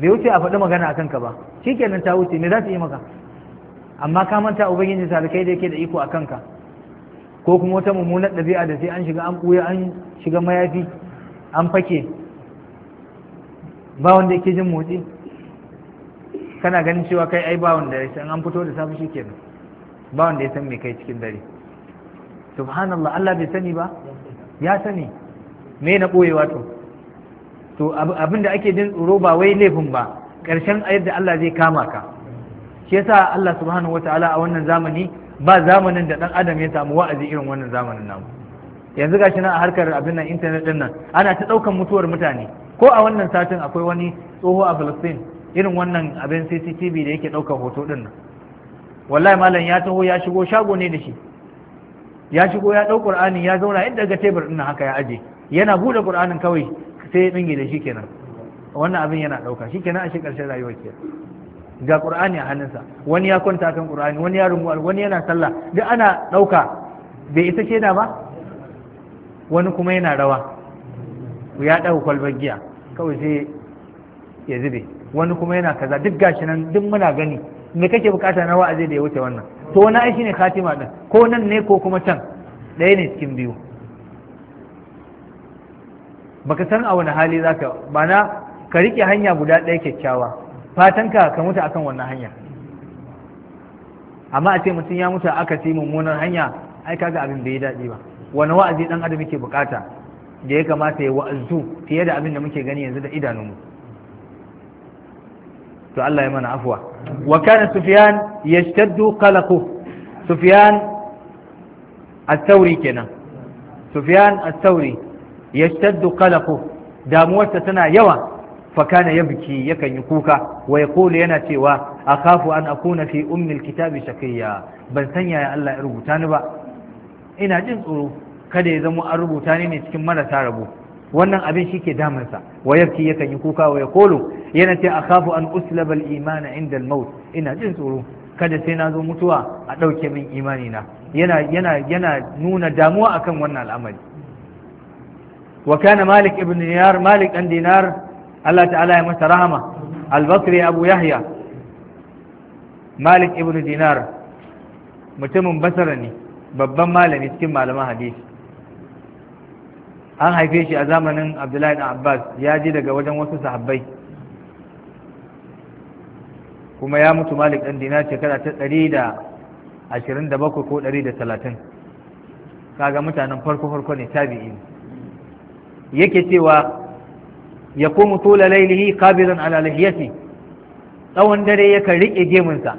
bai wuce a faɗi magana a kanka ba shi kenan ta wuce me za su yi maka amma ka manta ubangijin salikai da yake da iko a kanka ko kuma wata mummunar ɗabi'a da sai an shiga an ɓuya an shiga mayafi an fake ba wanda yake jin motsi kana ganin cewa kai ai ba wanda ya an fito da safi shi kenan ba wanda ya san me kai cikin dare subhanallah Allah bai sani ba ya sani me na boye wato? to abin da ake jin tsoro ba wai laifin ba Karshen ƙarshen yadda Allah zai kama ka shi yasa Allah subhanahu wataala a wannan zamani ba zamanin da dan adam ya samu wa'azi irin wannan zamanin namu yanzu gashi nan a harkar abin nan internet din nan ana ta daukan mutuwar mutane ko a wannan satin akwai wani tsoho a Palestine irin wannan abin CCTV da yake daukar hoto din nan wallahi malam ya taho ya shigo shago ne da shi ya shigo ya ɗau ƙur'ani ya zauna inda ga tebur ɗin haka ya aje yana buɗe ƙur'anin kawai sai ya ɗinge da shi kenan wannan abin yana ɗauka shi kenan a shi ƙarshen rayuwar ke ga ƙur'ani a hannunsa wani ya kwanta kan ƙur'ani wani ya rungu wani yana sallah duk ana ɗauka bai isa shaida ba wani kuma yana rawa ya ɗau kwalbar giya kawai sai ya zube wani kuma yana kaza duk gashi nan duk muna gani me kake bukata na wa'azi da ya wuce wannan to wani ai shine khatima din ko nan ne ko kuma can ɗaya ne cikin biyu baka san a wani hali zaka ba na ka rike hanya guda ɗaya kyakkyawa fatan ka ka mutu akan wannan hanya amma a ce mutum ya mutu aka ci mummunan hanya ai ga abin bai daɗi ba wani wa'azi dan adam yake bukata da ya kamata ya wa'azu fiye da abin da muke gani yanzu da idanunmu to Allah ya mana afwa wa kana sufyan yashtaddu qalaqu sufyan at-tauri kenan sufyan at-tauri yashtaddu qalaqu damuwarsa tana yawa fa kana yabki yakan yi kuka wa yaqulu yana cewa akhafu an akuna fi ummi al-kitabi shaqiyya ban sanya ya Allah ya rubuta ni ba ina jin tsoro kada ya zama an rubuta ni ne cikin marasa rabo wannan abin shi ke damansa wa yabki yakan yi kuka wa yana ce a kafu an uslabal imani inda al ina jin tsoro kada sai na zo mutuwa a ɗauke min imani na yana nuna damuwa akan wannan al'amari wa kana malik ibn malik dan dinar Allah ta'ala ya masa rahama al-basri abu yahya malik ibn dinar mutumin basara ne babban malami cikin malaman hadisi an haife shi a zamanin abdullahi da abbas ya ji daga wajen wasu sahabbai kuma ya mutu malik ɗan dina shekara ta ɗari da ashirin da bakwai ko ɗari da talatin kaga mutanen farko farko ne tabi'i yake cewa ya komu tola lailihi kabiran ala lahiyati tsawon dare yakan riƙe gemunsa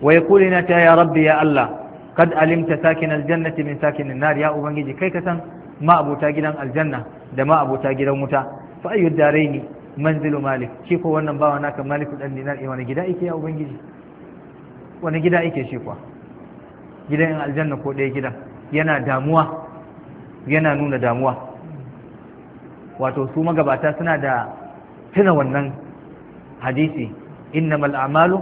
wa ya kuli na ta ya rabbi ya Allah kad alimta sakin Aljanna, min sakin nar ya ubangiji kai ka san ma abota gidan aljanna da ma abota gidan wuta fa ayyud daraini manzilu malik shi ko wannan bawa naka maliku dan dinar eh, wani gida yake ya ubangiji wani gida yake shi kuwa gidan aljanna ko ɗaya gidan yana damuwa yana nuna damuwa wato su magabata suna da tuna wannan hadisi innamal a'malu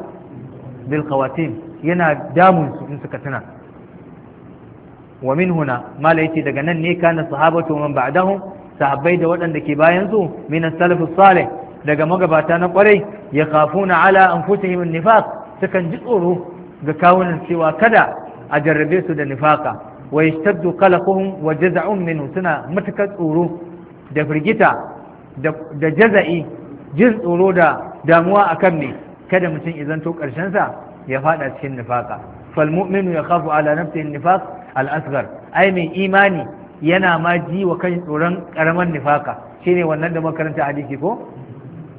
bil qawatim yana damun su in suka tuna wa min huna mala ce daga nan ne kana sahabatu man ba'dahum sahabbai da waɗanda ke bayan su minan salafus salih daga magabata na kwarai ya kafuna ala min nifaq sukan ji tsoro ga kawunan cewa kada a jarrabe su da nifaka wa yashtaddu qalquhum wa jaz'un minhu suna matukar tsoro da firgita da jaza'i jin tsoro da damuwa akan ne kada mutum izanto karshen sa ya fada cikin nifaka fal mu'minu yakhafu ala nafsihi nifaq al asghar ai mai imani yana ma ji wa kan tsoron karamar nifaka shine wannan da makaranta hadisi ko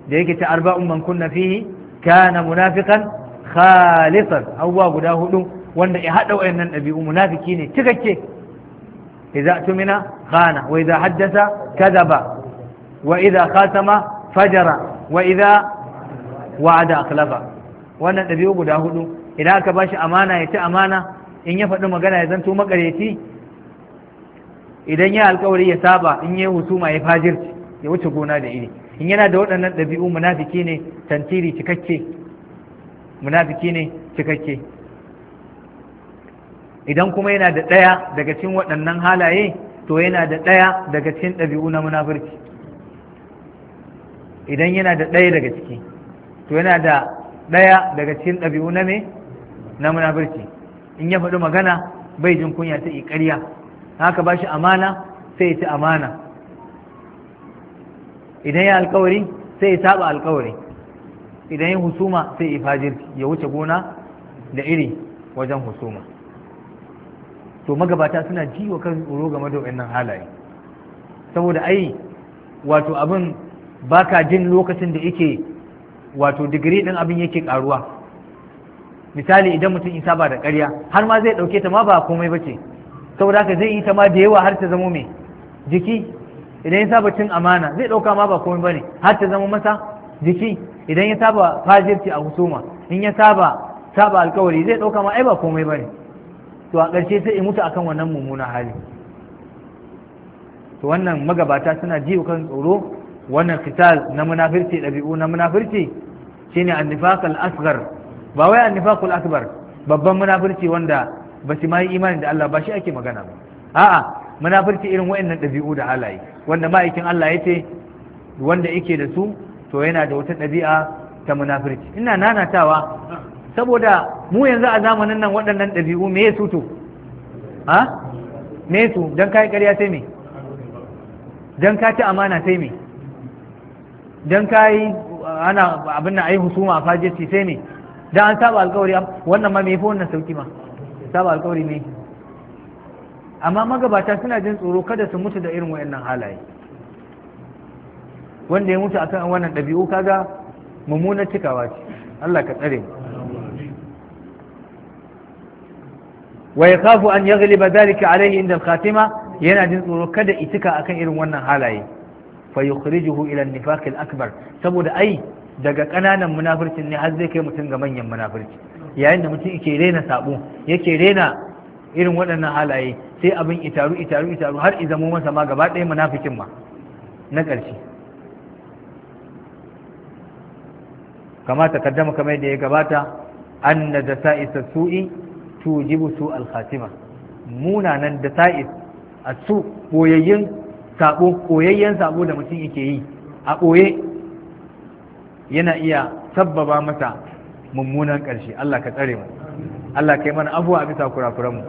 da yake ta arba'un man kunna fihi kana munafiqan khalisan abubuwa guda hudu wanda ya hada wayannan dabi'u munafiki ne cikakke idza tumina khana wa idza haddatha kadaba wa idza khatama fajara wa idza wa'ada akhlafa wannan dabi'u guda hudu idan aka bashi amana ya ci amana in ya faɗi magana ya zanto makareci idan ya alkawari ya saba in ya husuma ya fajirci ya wuce gona da iri in yana da waɗannan ɗabi'u munafiki ne tantiri cikakke munafiki ne cikakke idan kuma yana da ɗaya daga cikin waɗannan halaye to yana da ɗaya daga cikin ɗabi'u na munafirci idan yana da ɗaya daga ciki to yana da ɗaya daga cikin ɗabi'u na me na munafirci in ya faɗi magana bai jin kunya ta ƙarya haka ba shi amana sai ya ci amana idan ya alkawari sai ya taɓa alkawari idan ya husuma sai ya fajir ya wuce gona da iri wajen husuma to magabata suna ji wa kan tsoro game da wannan halaye saboda ai wato abin baka jin lokacin da yake wato digiri ɗin abin yake ƙaruwa misali idan mutum in saba da ƙarya har ma zai ɗauke ta ma ba komai ba ce saboda haka zai yi ta ma da yawa har ta zama mai jiki idan ya saba cin amana zai ɗauka ma ba komai bane har ta zama masa jiki idan ya saba fajirci a husuma in ya saba saba alkawari zai ɗauka ma ai ba komai bane to a ƙarshe sai ya mutu akan wannan mummuna hali to wannan magabata suna ji kan tsoro wannan fital na munafirci ɗabi'u na munafirci shine annifaq al ba wai akbar babban munafirci wanda ba su ma yi imanin da Allah ba shi ake magana ba a'a munafurci irin wa'annan ɗabi'u da halaye wanda ma'aikin Allah ya ce wanda yake da su to yana da wata ɗabi'a ta munafurci ina nanatawa saboda mu yanzu a zamanin nan waɗannan ɗabi'u me ya sutu? ha me su dan kai ƙarya sai me dan ka ci amana sai me dan kai ana abin nan ai husuma a fajirci sai me dan an saba alƙawari wannan ma me fi wannan sauki ma saba alkawari ne amma magabata suna jin tsoro kada su mutu da irin wayannan halaye wanda ya mutu akan wannan ɗabi'u kaga mummunar cikawa ce Allah ka tsare mu wa yakhafu an yaghliba dhalika alayhi inda al-khatima yana jin tsoro kada itika akan irin wannan halaye fa yukhrijuhu ila an-nifaq al-akbar saboda ai daga kananan munafircin ne har zai kai mutum ga manyan munafirci yayin da mutum yake rena sabo yake rena irin waɗannan halaye sai abin itaru itaru itaru har izamo masa ma gaba ɗaya munafikin ma na ƙarshe kama kaddama kamar yadda ya gabata na da sa'isa su'i tujibu su al munanan da sa'is a su koyayyen sabo koyayyen sabo da mutum yake yi a koye yana iya sabbaba masa mummunan ƙarshe Allah ka tsare mu Allah kai mana abuwa bisa kurakuran mu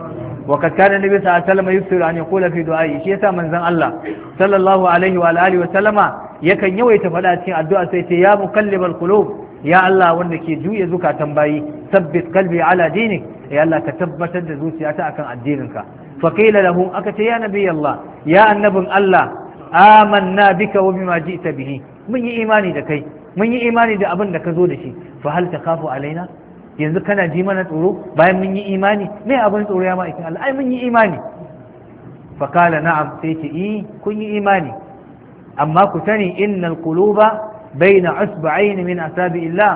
wa kad kana nabi sallallahu alaihi wasallam yusiru an yaqula fi du'ai shi yasa manzon Allah sallallahu alaihi wa alihi wa sallama yakan yawaita faɗa cikin addu'a sai ce ya muqallibal qulub ya Allah wanda ke juya zukatan bayi sabbit qalbi ala dinik ya Allah ka tabbatar da zuciyata akan addininka fa qila lahum aka ce ya nabi Allah ya annabin Allah amanna bika wa bima ji'ta bihi mun yi imani da kai mun yi imani da abin da ka zo da shi fa hal takhafu alaina yanzu kana ji mana tsoro bayan mun yi imani me abin tsoro ya ma'aikin Allah ai mun yi imani fa kala na'am sai ce eh kun yi imani amma ku sani innal quluba baina asba'ain min asabi'illah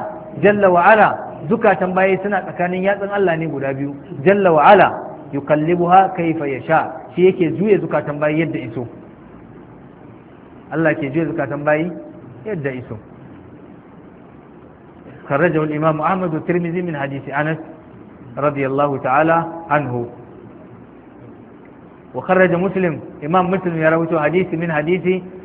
jalla wa ala zukatan baye suna tsakanin yatsun Allah ne guda biyu jalla wa ala yukallibuha kaifa yasha shi yake juye zukatan baye yadda iso Allah ke juye zukatan baye yadda iso خرجه الإمام أحمد والترمذي من حديث أنس رضي الله تعالى عنه وخرج مسلم إمام مسلم يروي حديث من حديث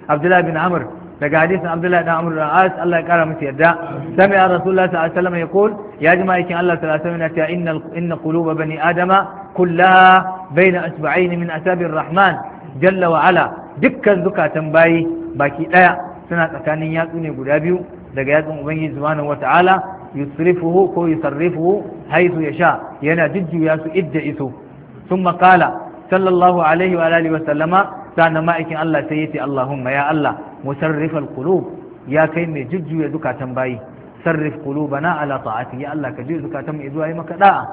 عبد الله بن عمرو daga hadisin Abdullahi dan Amr al-As Allah ya kara masa yarda sami Rasulullah sallallahu alaihi wasallam yaqul ya jama'a yakin Allah sallallahu alaihi wasallam ya inna inna quluba bani adama kullaha baina asba'ain min asabin rahman jalla wa dukkan zukatan bayi baki ɗaya. suna tsakanin yatsu ne guda biyu daga yatsun ubangiji subhanahu wata'ala yusrifuhu ko yusarrifuhu haythu yasha yana jujjuya su idda iso sun makala sallallahu alaihi wa alihi wa sallama sannan ma'aikin Allah sai yace Allahumma ya Allah musarrifal qulub ya kai mai jujjuya zukatan bayi sarrif qulubana ala ta'ati ya Allah ka juya zukatan mu zuwa yi maka da'a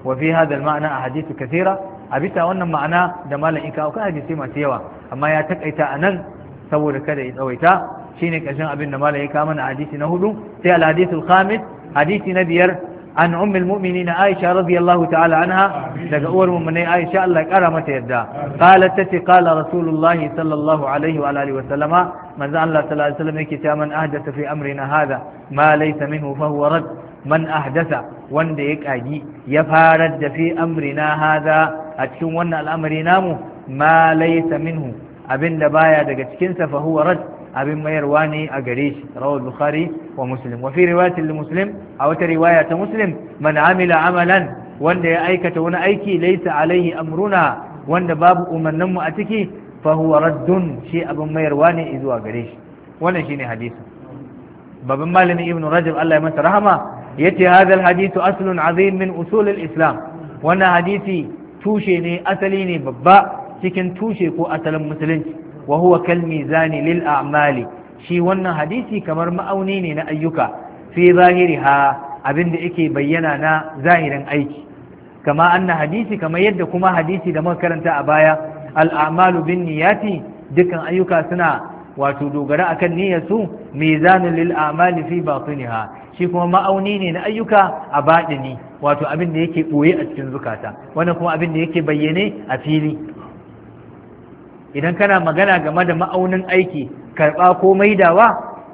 wa fi hadha al-ma'na ahadithu kathira abita wannan ma'ana da malaika ka hadisi masu yawa amma ya takaita anan saboda kada ya tsawaita shine ƙarshen abin da malai ya kama na hadisi na hudu sai al-hadithul khamis hadisi na biyar an ummul mu'minin Aisha radiyallahu ta'ala anha daga uwar mu'minai Aisha Allah ya kara mata yadda qalat tati qala rasulullahi sallallahu alaihi wa alihi wa sallama manzo Allah sallallahu alaihi wasallam yake cewa man ahdatha fi amrina hadha ma laysa minhu fa huwa rad man ahdatha wanda ya kagi ya farar da fi amrina hadha a cikin wannan al'amari namu ma laysa minhu abinda baya daga cikin sa fa huwa rad abin mayarwa ne a gare shi rawar bukhari wa muslim Wafi fi riwayatin muslim a wata riwaya ta muslim man amila amalan wanda ya aikata wani aiki laisa alaihi amruna wanda babu umarnin mu a ciki fa huwa raddun shi abin mayarwa ne zuwa gare shi wannan shine hadisi babban malamin ibnu rajab Allah ya masa rahama yace hadha alhadith aslun azim min usul alislam wannan hadisi tushe ne asali ne babba cikin tushe ko asalin musulunci wa huwa kal mizani lil a'mali shi wannan hadisi kamar ma'auni ne na ayyuka fi zahiriha abinda yake bayyana na zahirin aiki kama anna hadisi kamar yadda kuma hadisi da makaranta a baya al'amalu a'malu bin niyati dukan ayyuka suna wato dogara akan niyyar su mizanun lil a'mali fi batiniha shi kuma ma'auni ne na ayyuka a ni wato abin da yake ɓoye a cikin zukata wannan kuma abin da yake bayyane a fili idan kana magana game da ma'aunin aiki karɓa ko maidawa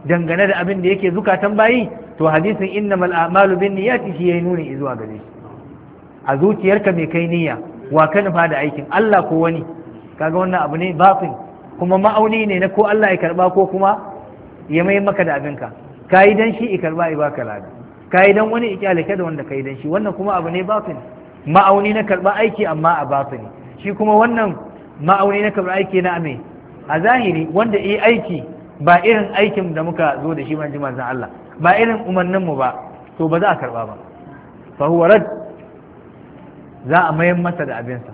dangane da abin da yake zukatan bayi to hadisin mal a'malu bin niyyati shi yayi nuni zuwa gare shi a zuciyarka mai kai niyya wa ka nufa da aikin Allah ko wani kaga wannan abu ne Bafin. kuma ma'auni ne na ko Allah ya karba ko kuma ya mai maka da abinka kai dan shi ya karba ya baka lada kai dan wani ya kyalake da wanda kai dan shi wannan kuma abu ne bafin. ma'auni na karba aiki amma a bafin shi kuma wannan ma'auni na kamar aiki na ame a zahiri wanda yi aiki ba irin aikin da muka zo da shi ban ji Allah ba irin umarnin mu ba to ba za a karba ba fa huwa rad za a mayan masa da abinsa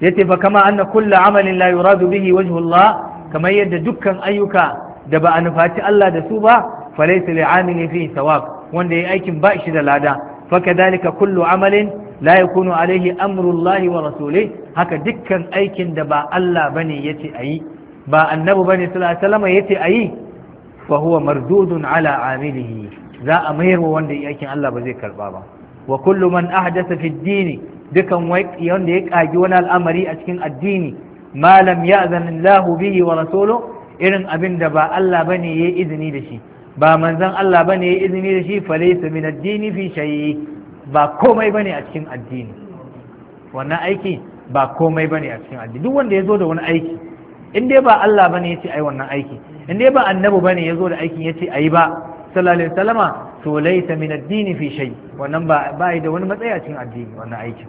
yace fa kama anna kullu amalin la yuradu bihi wajhu Allah kamar yadda dukkan ayyuka da ba a nufaci Allah da su ba falaysa li'amili fihi thawab wanda yi aikin ba shi da lada fa kadhalika kullu amalin la yakunu alaihi amrullahi wa rasulih haka dukkan aikin da ba Allah bane yace ayi ba annabi bane sallallahu yace ayi fa huwa mardudun ala amilihi za a mayar wa wanda aikin Allah ba zai karba ba wa kullu man ahdatha fi ad-din dukan wanda ya kagi wani al'amari a cikin addini ma lam ya'zan Allah wa rasuluhu irin abin da ba Allah bane yayi izini da ba manzon Allah bane yayi izini dashi shi falaysa min ad fi shay'in ba komai bane a cikin addini wannan aiki ba komai bane a cikin addini duk wanda ya zo da wani aiki in dai ba Allah bane ya ce ai wannan aiki in dai ba annabi bane ya zo da aiki ya ce ai ba sallallahu alaihi wasallama to laysa min addini fi shay wannan ba ba da wani matsayi a cikin addini wannan aikin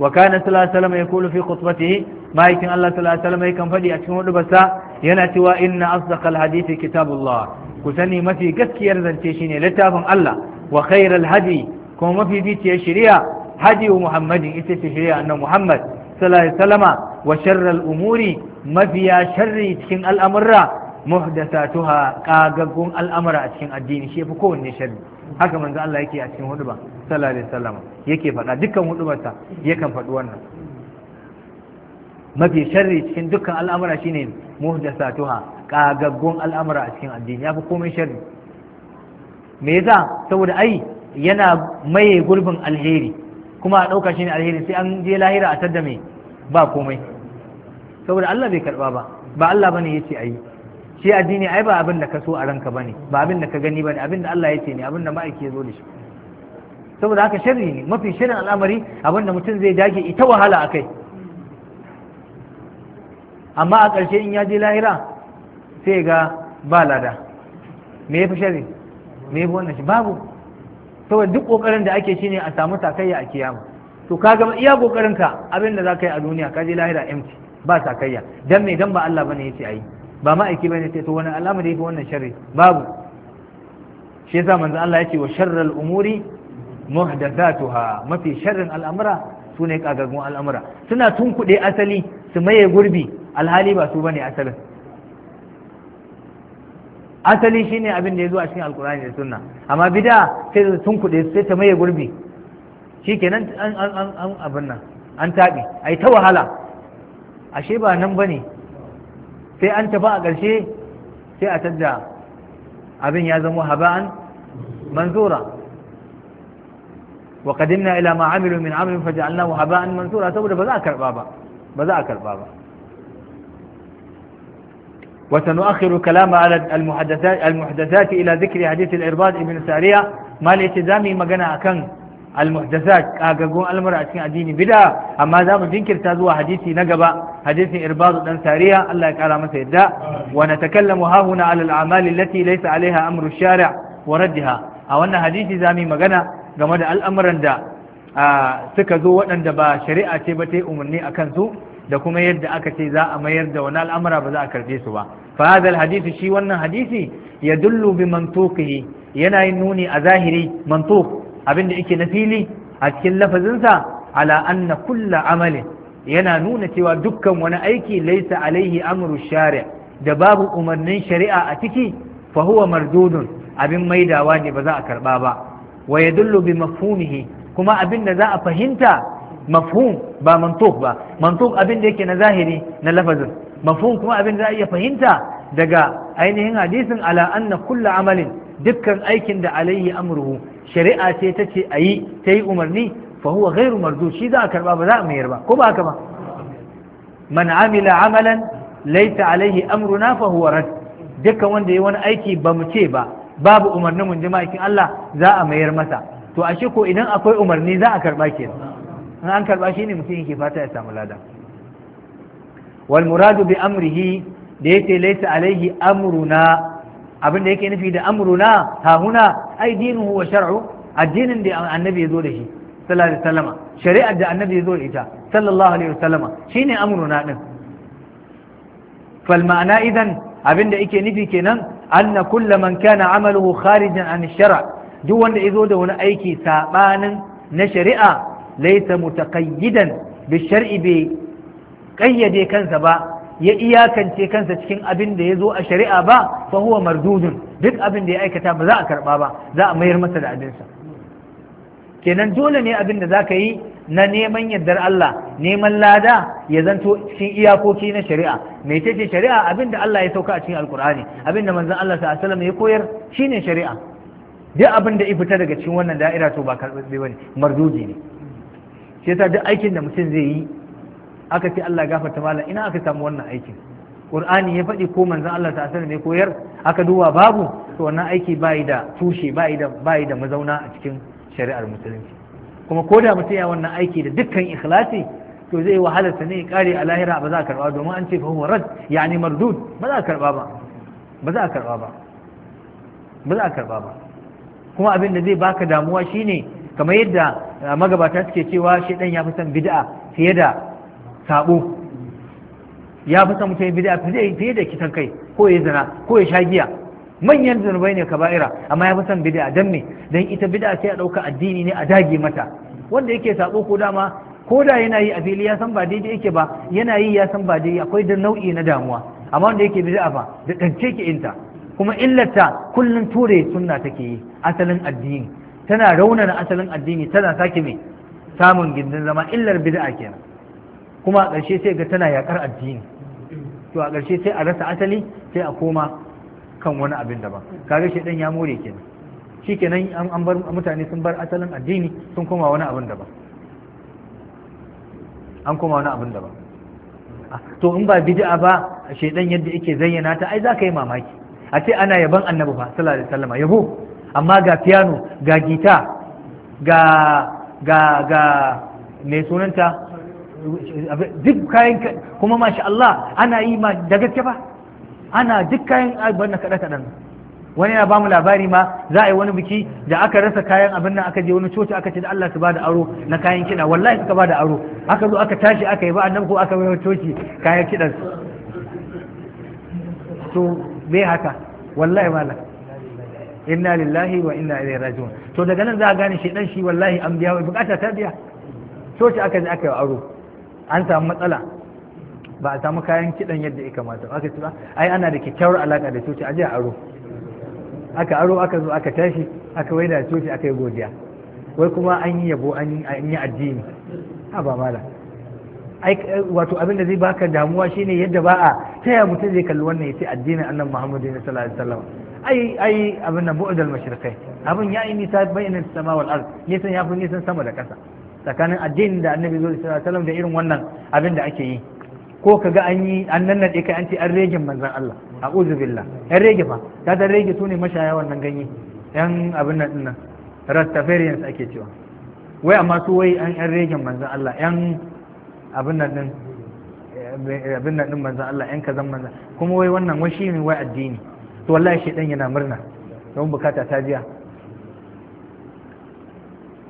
wa kana sallallahu alaihi wasallam yaqulu fi khutbatihi ma'aikin Allah sallallahu alaihi wasallam yakan fadi a cikin hudubarsa yana cewa inna asdaqal hadithi kitabullah ku sani mafi gaskiyar zance shine littafin Allah wa khairal hadi kuma mafi biciyar shari'a hadi wa muhammadin ita ce shari'a annan muhammad sallallahu alaihi wasallama wa sharral umuri mafiya sharri cikin al'amurra muhdathatuha kagaggun al'amura a cikin addini shi fi kowanne sharri haka manzo Allah yake a cikin huduba sallallahu alaihi wasallama yake faɗa dukkan hudubarsa yakan faɗi wannan mafi sharri cikin dukkan al'amura shine muhdathatuha kagaggun al'amura a cikin addini ya fi komai sharri me yasa saboda ai yana maye gurbin alheri kuma a ɗauka shi ne alheri sai an je lahira a tadda mai ba komai saboda Allah bai karba ba ba Allah bane yace ayi shi addini ai ba abin da ka so a ranka bane ba abin da ka gani bane abin da Allah yace ne abin da ma'aiki ya zo da shi saboda haka sharri ne mafi shirin al'amari abin da mutum zai dage ita wahala akai amma a ƙarshe in ya je lahira sai ga ba lada me ya fi shari me ya fi wannan shi babu saboda duk kokarin da ake shine a samu sakayya a kiyama to ka gama iya kokarin ka abin da zaka yi a duniya ka je lahira empty ba sakayya dan me dan ba Allah bane yace ayi ba ma'aiki bane sai to wani alama da yafi wannan sharri babu shi yasa manzo Allah yace wa sharral umuri muhdathatuha mafi sharrin al'amura sune kagagun al'amura suna tunkuɗe asali su maye gurbi alhali ba su bane asalin asali shine abin da ya zo a cikin alkur'ani da sunna amma bid'a sai da sun kuɗe sai ta maye gurbi shikenan an an an abin nan an taɓi ai ta wahala ashe ba nan bane sai an tafi a ƙarshe sai a tadda abin ya zama haba'an manzura wa qadimna ila ma amilu min amalin faj'alnahu haba'an mansura saboda ba za a karba ba ba za a karba ba وسنؤخر كلام على المحدثات, المحدثات إلى ذكر حديث الإرباض ابن سارية ما الالتزامي مغنى كان المحدثات كاغون المرأة كان أديني بدا أما ذا مجنكر تازوا حديثي نقبا حديث إرباض ابن سارية الله يكالا مسيدا ونتكلم ها هنا على الأعمال التي ليس عليها أمر الشارع وردها أو أن حديثي زامي مغنى game da al'amuran da suka zo waɗanda ba shari'a ce ba ta yi umarni a kansu da kuma yadda aka ce za a mayar da wani al'amura ba za a karbe su ba fa hadal hadisi shi wannan hadisi ya dullu bi mantuqihi yana yin nuni a zahiri mantuq da yake na fili a cikin lafazinsa ala anna kulla amalin yana nuna cewa dukkan wani aiki laisa alaihi amru shari'a, da babu umarnin shari'a a ciki fa huwa mardudun abin maidawa ne ba za a karba ba wa yadullu bi mafhumihi kuma abin da za a fahimta mafhum ba mantuk ba mantuk abin da yake na zahiri na lafazin mafhum kuma abin da iya fahimta daga ainihin hadisin ala anna kulla amalin dukkan aikin da alayhi amruhu shari'a ce ta ce ayi ta yi umarni fa huwa ghairu mardu shi za a karba ba za a mayar ba ko ba haka ba man amila amalan laita alayhi amruna fa huwa rad dukkan wanda ya wani aiki ba mu ce ba babu umarnin mun jama'a Allah za a mayar masa to ashe ko idan akwai umarni za a karba kenan in an karba shi ne mutum yake fata ya samu lada wal muradu bi amrihi da yake laisa alaihi amruna abin da yake nufi da amruna ha huna ai dinu huwa shar'u addinin da annabi ya zo da shi sallallahu alaihi wasallama shari'ar da annabi ya zo da ita sallallahu alaihi wasallama shine amruna din fal ma'ana idan abin da yake nufi kenan anna kullu man kana amaluhu kharijan an shara' duk wanda ya zo da wani aiki sabanin na shari'a laisa mutaqayyidan bi shar'i bai kayyade kansa ba ya iyakance kansa cikin abin da ya zo a shari'a ba fa huwa mardudun duk abin da ya aikata ba za a karba ba za a mayar masa da abinsa kenan dole ne abin da zaka yi na neman yardar Allah neman lada ya zanto cikin iyakoki na shari'a mai ce shari'a abin da Allah ya sauka a cikin alkur'ani abin da manzon Allah sallallahu alaihi ya koyar shine shari'a duk abin da ya fita daga cikin wannan da'ira to ba karɓaɓɓe bane mardudi ne shi yasa duk aikin da mutum zai yi aka ce Allah gafarta malam ina aka samu wannan aikin Qur'ani ya faɗi ko manzon Allah ta sanar ne koyar aka duba babu to wannan aiki bai da tushe bai da bai da mazauna a cikin shari'ar musulunci kuma ko da mutum ya wannan aiki da dukkan ikhlasi to zai wahalar ta ne ya kare a lahira ba za a karba domin an ce fa huwa rad yani mardud ba za a karba ba ba za a karba ba ba za a karba ba kuma abin da zai baka damuwa shine kamar yadda eh, magabata suke cewa shaidan ya fi son bid'a fiye da sabo ya fi son mutum bid'a fiye da kisan kai ko ya zana, ko ya sha giya manyan zunubai ne kaba'ira amma ya fi son bid'a dan me dan ita bid'a sai a ɗauka addini ne a dage mata wanda yake sabo ko dama ko da yana yi a fili ya san ba daidai yake ba yana yi ya san ba daidai akwai da nau'i na damuwa amma wanda yake bid'a fa da dance ke inta kuma illata kullum ture sunna take yi asalin addini tana raunana asalin addini tana sake mai samun gindin zama illar bid'a kenan kuma a ƙarshe sai ga tana yakar addini to a ƙarshe sai a rasa asali sai a koma kan wani abin da kare kaga ɗan ya more kenan shikenan an bar mutane sun bar asalin addini sun koma wani abin da ba, an koma wani abin da ba, ah, to in ba bid'a ba shedan yadda yake zayyana ta ai za ka yi mamaki a ce ana yaban annabi fa sallallahu alaihi wasallam yabo amma ga piano ga gita ga ga ga mai sunanta duk kayan kuma masha Allah ana yi ma da gaske ba ana duk kayan abin na kaɗa kaɗan wani ya bamu labari ma za a yi wani biki da aka rasa kayan abin nan aka je wani coci aka ce da Allah su ba da aro na kayan kiɗa wallahi suka ba da aro aka zo aka tashi aka yi ba annabi ko aka bayar coci kayan kiɗan to bai haka wallahi malam inna lillahi wa inna ilaihi raji'un to daga nan za a gane shedan shi wallahi an biya wai bukata ta biya so shi aka je aka yi aro an samu matsala ba a samu kayan kidan yadda ya kamata aka ce ai ana da kyakkyawar alaka da coci aje aro aka aro aka zo aka tashi aka waida da coci aka yi godiya wai kuma an yi yabo an yi addini ha ba mala ai wato abin da zai baka damuwa shine yadda ba a taya mutum zai kalli wannan ya ce addinin annabi Muhammadu sallallahu alaihi wasallam ai ai abin nan bu'dal mashriqai abin ya yi nisa bayin sama wal ard nisan ya fi nisan sama da ƙasa tsakanin addinin da annabi sallallahu alaihi wasallam da irin wannan abin da ake yi ko kaga an yi an nan nade kai an ce an rage manzon Allah a'udhu billah an rege fa ta da rege ne mashaya wannan ganye yan abin nan dinnan rastafarians ake cewa wai amma su wai an yan rage manzon Allah yan abin nan din abin nan din manzon Allah yan kazan manzon kuma wai wannan wai shi ne wai addini to wallahi shedan yana murna don bukata ta jiya.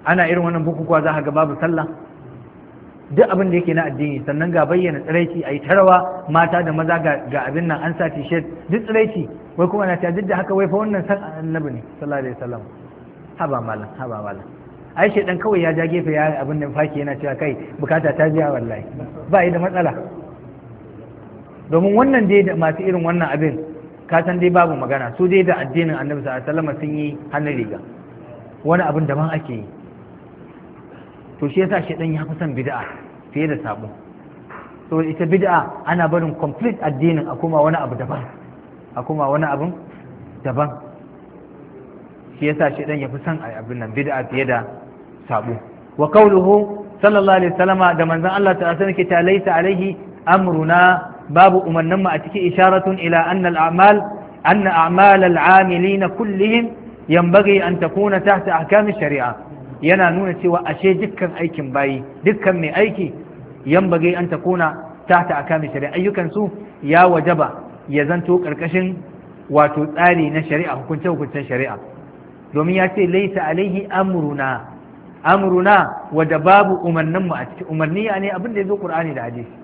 ana irin wannan bukukuwa za ka ga babu sallah duk abin da yake na addini sannan ga bayyana tsiraici a yi tarawa mata da maza ga abin nan an sa t-shirt duk tsiraici wai kuma na tajid da haka wai fa wannan san annabi ne sallallahu alaihi wasallam haba malam haba malam ai shedan kawai ya ja gefe ya abin nan faki yana cewa kai bukata ta jiya, wallahi ba yi da matsala domin wannan dai da masu irin wannan abin ka san dai babu magana su dai da addinin annabi sallallahu alaihi wasallam sun yi hannun riga wani abin daban ake yi to shi yasa shedan ya fi son bid'a fiye da sabo to ita bid'a ana barin complete addinin a kuma wani abu daban a kuma wani abin daban shi yasa shedan ya fi san a abin nan bid'a fiye da sabo wa qawluhu sallallahu alaihi wasallama da manzon Allah ta'ala ke ta laisa alaihi amruna babu umarninmu a ciki isharatun ila anna al amili na a'mal al-amilina kullihim yanbaghi an takuna tahta ahkam sharia yana nuna cewa ashe dukkan aikin bayi dukkan mai aiki yanbaghi an takuna tahta ahkam sharia ayyukan su ya wajaba ya zanto karkashin wato tsari na shari'a hukunce hukuncen shari'a domin ya ce laisa alaihi amruna amruna wadda babu umarninmu a ciki umarni ne abin ya zo ƙur'ani da hadisi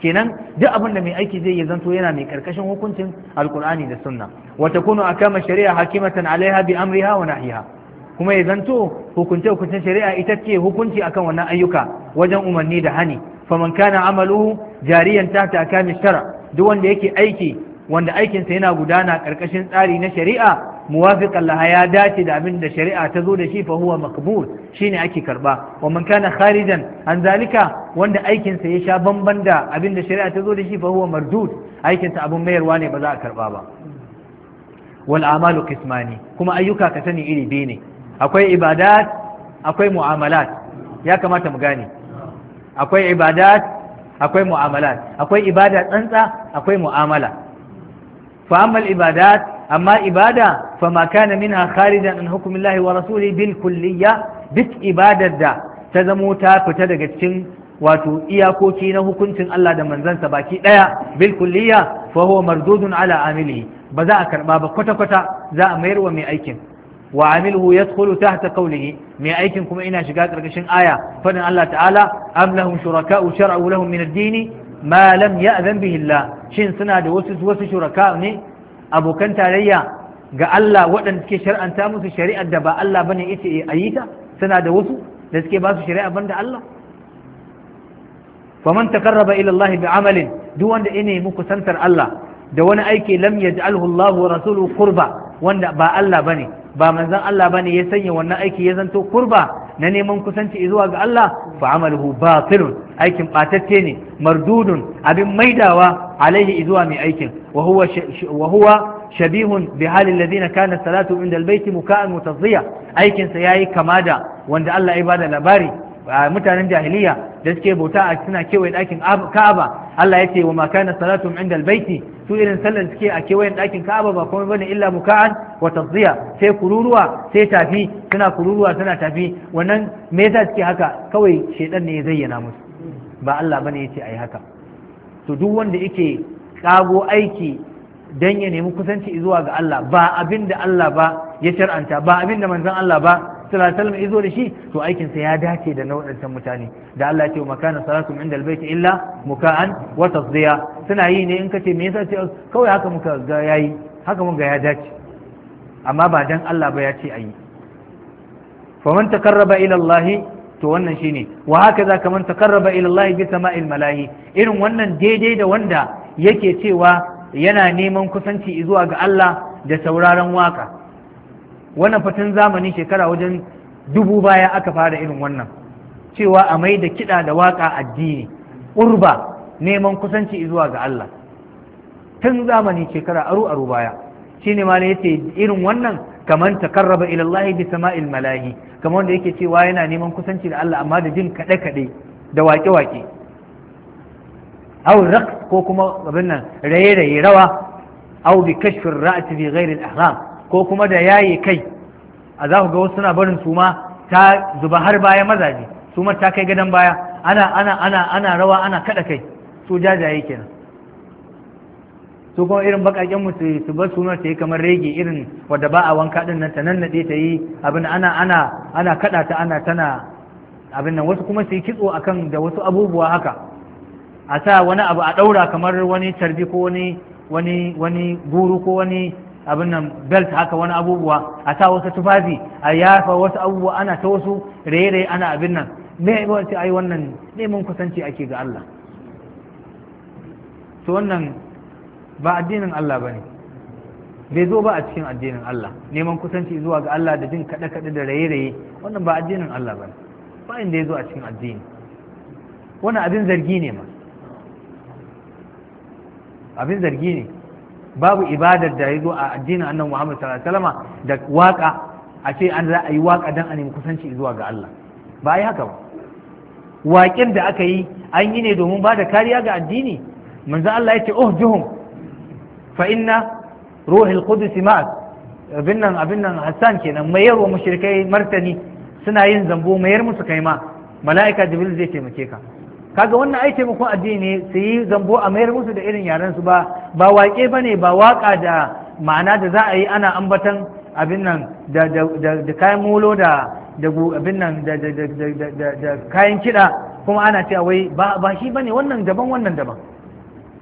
kenan duk abin da mai aiki zai yi zanto yana mai karkashin hukuncin alkur'ani da sunna wa a akama shari'a hakimatan alaiha bi amriha wa nahiha kuma ya zanto hukunce hukuncin shari'a ita ce hukunci akan wannan ayyuka wajen umarni da hani faman kana amaluhu jariyan ta akami shara duk wanda yake aiki wanda aikinsa yana gudana karkashin tsari na shari'a muwafiqan laha ya dace da abin da shari'a ta zo da shi fa huwa maqbul shine ake karba wa man kana kharijan an zalika wanda aikin sa ya sha bamban da abin da shari'a ta zo da shi fa huwa mardud aikin sa abun mayarwa ne ba za a karba ba wal a'malu qismani kuma ayyuka ka sani iri biyu ne akwai ibadat akwai mu'amalat ya kamata mu gane akwai ibadat akwai mu'amalat akwai ibada tsantsa akwai mu'amala fa amma ibadat amma ibada fa ma kana minha kharijan an hukmillahi wa rasuli bil kulliyya duk ibadar da ta zamo ta fita daga cikin wato iyakoki na hukuncin Allah da manzansa baki daya bil kulliya fa huwa mardudun ala amilihi ba za a karba ba kwata kwata za a mayar wa mai aikin wa amiluhu yadkhulu tahta qawlihi mai aikin kuma ina shiga karkashin aya fadin Allah ta'ala am lahum shuraka'u shar'u lahum min ad-din ma lam ya'zan bihi Allah shin suna da wasu wasu shuraka ne abokan tarayya ga Allah waɗanda suke shar'anta musu shari'ar da ba Allah bane ita a yi ta suna da wasu da suke ba su shari'a banda Allah faman takarraba ila Allah bi amalin duk wanda ine muku Allah da wani aiki lam yaj'alhu Allah wa rasuluhu qurba wanda ba Allah bane ba manzon Allah bane ya sanya wannan aiki ya zanto kurba na neman kusanci zuwa ga Allah fa amaluhu batilun aikin batacce ne mardudun abin maidawa alaihi izuwa mai aikin wa huwa shabihun bi halin ladina kana salatu inda albayti muka'an mutazziya aikin sa yayi kama da wanda Allah ya bada labari mutanen jahiliya da suke bauta a suna kewaye ɗakin Ka'aba Allah ya ce wa makana salatu inda albayti su irin sallan suke a kewayen ɗakin Ka'aba ba kuma bane illa muka'an wa tafziya sai kururuwa sai tafi suna kururuwa suna tafi wannan me yasa suke haka kawai shedan ne ya zayyana musu ba Allah bane yace ayi haka to duk wanda yake kago aiki dan ya nemi kusanci zuwa ga Allah ba abin da Allah ba ya shar'anta ba abin da manzon Allah ba sallallahu alaihi izo da shi to aikin sa ya dace da nau'in mutane da Allah ya ce makana salatum inda albayt illa muka'an wa tasdiya suna yi ne in kace me yasa ce kawai haka muka ga yayi haka mun ga ya dace amma ba dan Allah ba ya ce ayi man takarraba ila Allah to wannan shine wa haka za kamar ta karraba ilallahi bi sama'il malahi irin wannan daidai da wanda yake cewa yana neman kusanci zuwa ga Allah da sauraron waka wannan fatan zamani shekara wajen dubu baya aka fara irin wannan cewa a mai da kiɗa da waka addini urba neman kusanci zuwa ga Allah tun zamani shekara aru aru baya shine ma ne yace irin wannan kaman takarraba ila Allah bi sama'il malahi kamar wanda yake cewa yana neman kusanci da Allah amma da jin kade kade da waƙe-waƙe. aw raq ko kuma abin nan raye raye rawa aw bi kashfir ra'si bi ghairi al-ihram ko kuma da yaye kai a za ku ga wasu suna barin suma ta zuba har baya mazaje suma ta kai gadon baya ana ana ana ana rawa ana kada kai su jajaye kenan su kuma irin bakaken mu su bar sunar ta yi kamar rege irin wadda ba a wanka din nan ta nannade ta yi abin ana ana ana kada ta ana tana abin nan wasu kuma su yi kitso akan da wasu abubuwa haka a sa wani abu a daura kamar wani tarbi ko wani wani wani guru ko wani abin nan belt haka wani abubuwa a sa wasu tufafi a yafa wasu abubuwa ana ta wasu rere ana abin nan me ai wannan neman kusanci ake ga Allah to wannan ba addinin Allah bane bai zo ba a cikin addinin Allah neman kusanci zuwa ga Allah da jin kada kada da raye-raye wannan ba addinin Allah bane ba inda ya zo a cikin addini wannan abin zargi ne ma abin zargi ne babu ibadar da ya zo a addinin annan Muhammad sallallahu alaihi da waka a ce an za a yi waka dan a nemi kusanci zuwa ga Allah ba yi haka ba waƙin da aka yi an yi ne domin ba da kariya ga addini manzo Allah ya ce oh juhum فإن روح القدس مات ma'ak abin nan abin nan hassan kenan mayar wa mushrikai martani suna yin zambo mayar musu kai ma mala'ika zai taimake ka kaga wannan ai taimakon addini su yi zambo a mayar musu da irin yaren su ba ba waƙe bane ba waƙa da ma'ana da za a yi ana ambatan abin nan da da kayan molo da da abin nan da da da kayan kiɗa kuma ana cewa wai ba ba shi bane wannan daban wannan daban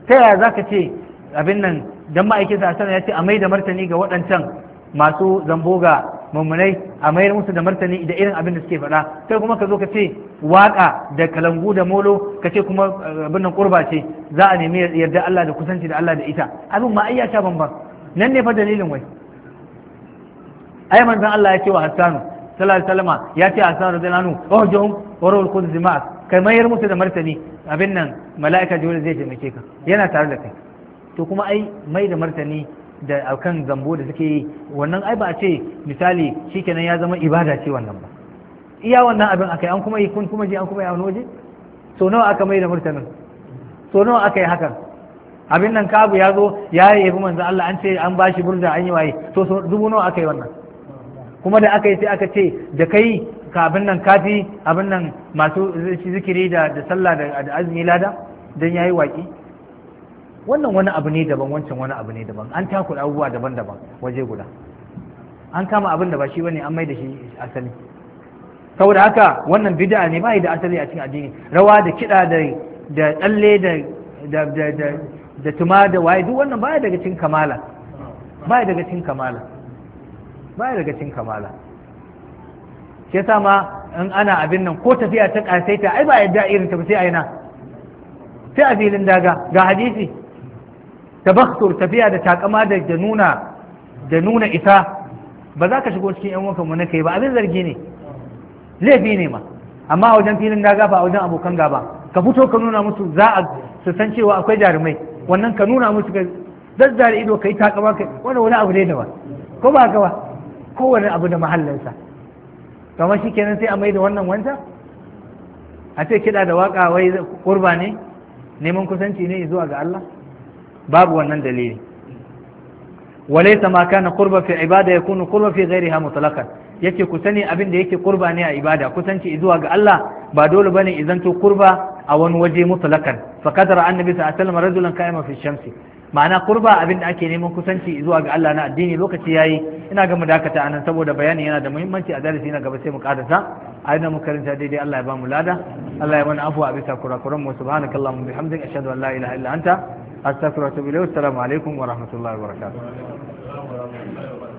ta yaya zaka ce abin nan dan ma'aikin sa ya ce a mai da martani ga waɗancan masu zambo ga mummunai a mayar musu da martani da irin abin da suke faɗa sai kuma ka zo ka ce waƙa da kalangu da molo ka ce kuma eh, abin nan kurba ce za a nemi yarda Allah da kusanci da Allah da ita abin ma ai ya sha nan ne fa dalilin wai ai manzon Allah ya ce wa Hassanu sallallahu alaihi ya ce Hassanu da anhu oh jom warul kudzimat kai mayar musu da martani abin nan mala'ika jibril zai taimake ka yana tare da kai to kuma ai mai da martani da akan zambo da suke yi wannan ai ba a ce misali shikenan ya zama ibada ce wannan ba iya wannan abin akai an kuma yi kun kuma je an kuma yi a wani waje so nawa aka mai da martanin so nawa aka yi hakan abin nan kabu ya zo ya yi yabi manzo Allah an ce an bashi burda an yi waye to so dubu nawa aka yi wannan kuma da aka yi sai aka ce da kai ka abin nan kafi abin nan masu zikiri da sallah da azumi lada dan yayi waki wannan wani abu ne daban wancan wani abu ne daban an takura abubuwa daban-daban waje guda an kama abin da ba shi bane an mai da shi asali saboda haka wannan bid'a ne bai da asali a cikin addini rawa da kiɗa da da dalle da da da da da tuma da waye duk wannan bai daga cikin kamala bai daga cikin kamala bai daga cikin kamala shi yasa ma in ana abin nan ko tafiya ta kasaita ai ba yadda irin ta ba sai aina sai a filin daga ga hadisi tabakhtur tafiya da takama da nuna da nuna isa ba za ka shigo cikin yan wanka mu na kai ba abin zargi ne laifi ne ma amma a wajen filin daga ba a wajen abokan gaba ka fito ka nuna musu za a su san cewa akwai jarumai wannan ka nuna musu ka zazzare ido ka yi takama kai wani wani abu ne da ba ko ba ka ba kowane abu da mahallinsa kamar shi kenan sai a mai da wannan wanta a ce kiɗa da waƙa wai kurba ne neman kusanci ne zuwa ga Allah babu wannan dalili walaysa maka na qurba fi ibada Kunu qurba fi ghayriha mutlaqan yace ku sani abin da yake kurba ne a ibada kusanci zuwa ga Allah ba dole bane to kurba a wani waje mutlaqan fa kadara annabi sallallahu alaihi wasallam rajulan qa'ima fi shamsi ma'ana kurba abin da ake neman kusanci zuwa ga Allah na addini lokaci yayi ina ga mu dakata anan saboda bayani yana da muhimmanci a darasi na gaba sai mu karasa a ina mu karanta daidai Allah ya ba mu lada Allah ya mana afwa bisa kurakuran mu subhanakallahumma bihamdika ashhadu an la ilaha illa anta astaghfiruka wa atubu ilayk assalamu alaikum wa rahmatullahi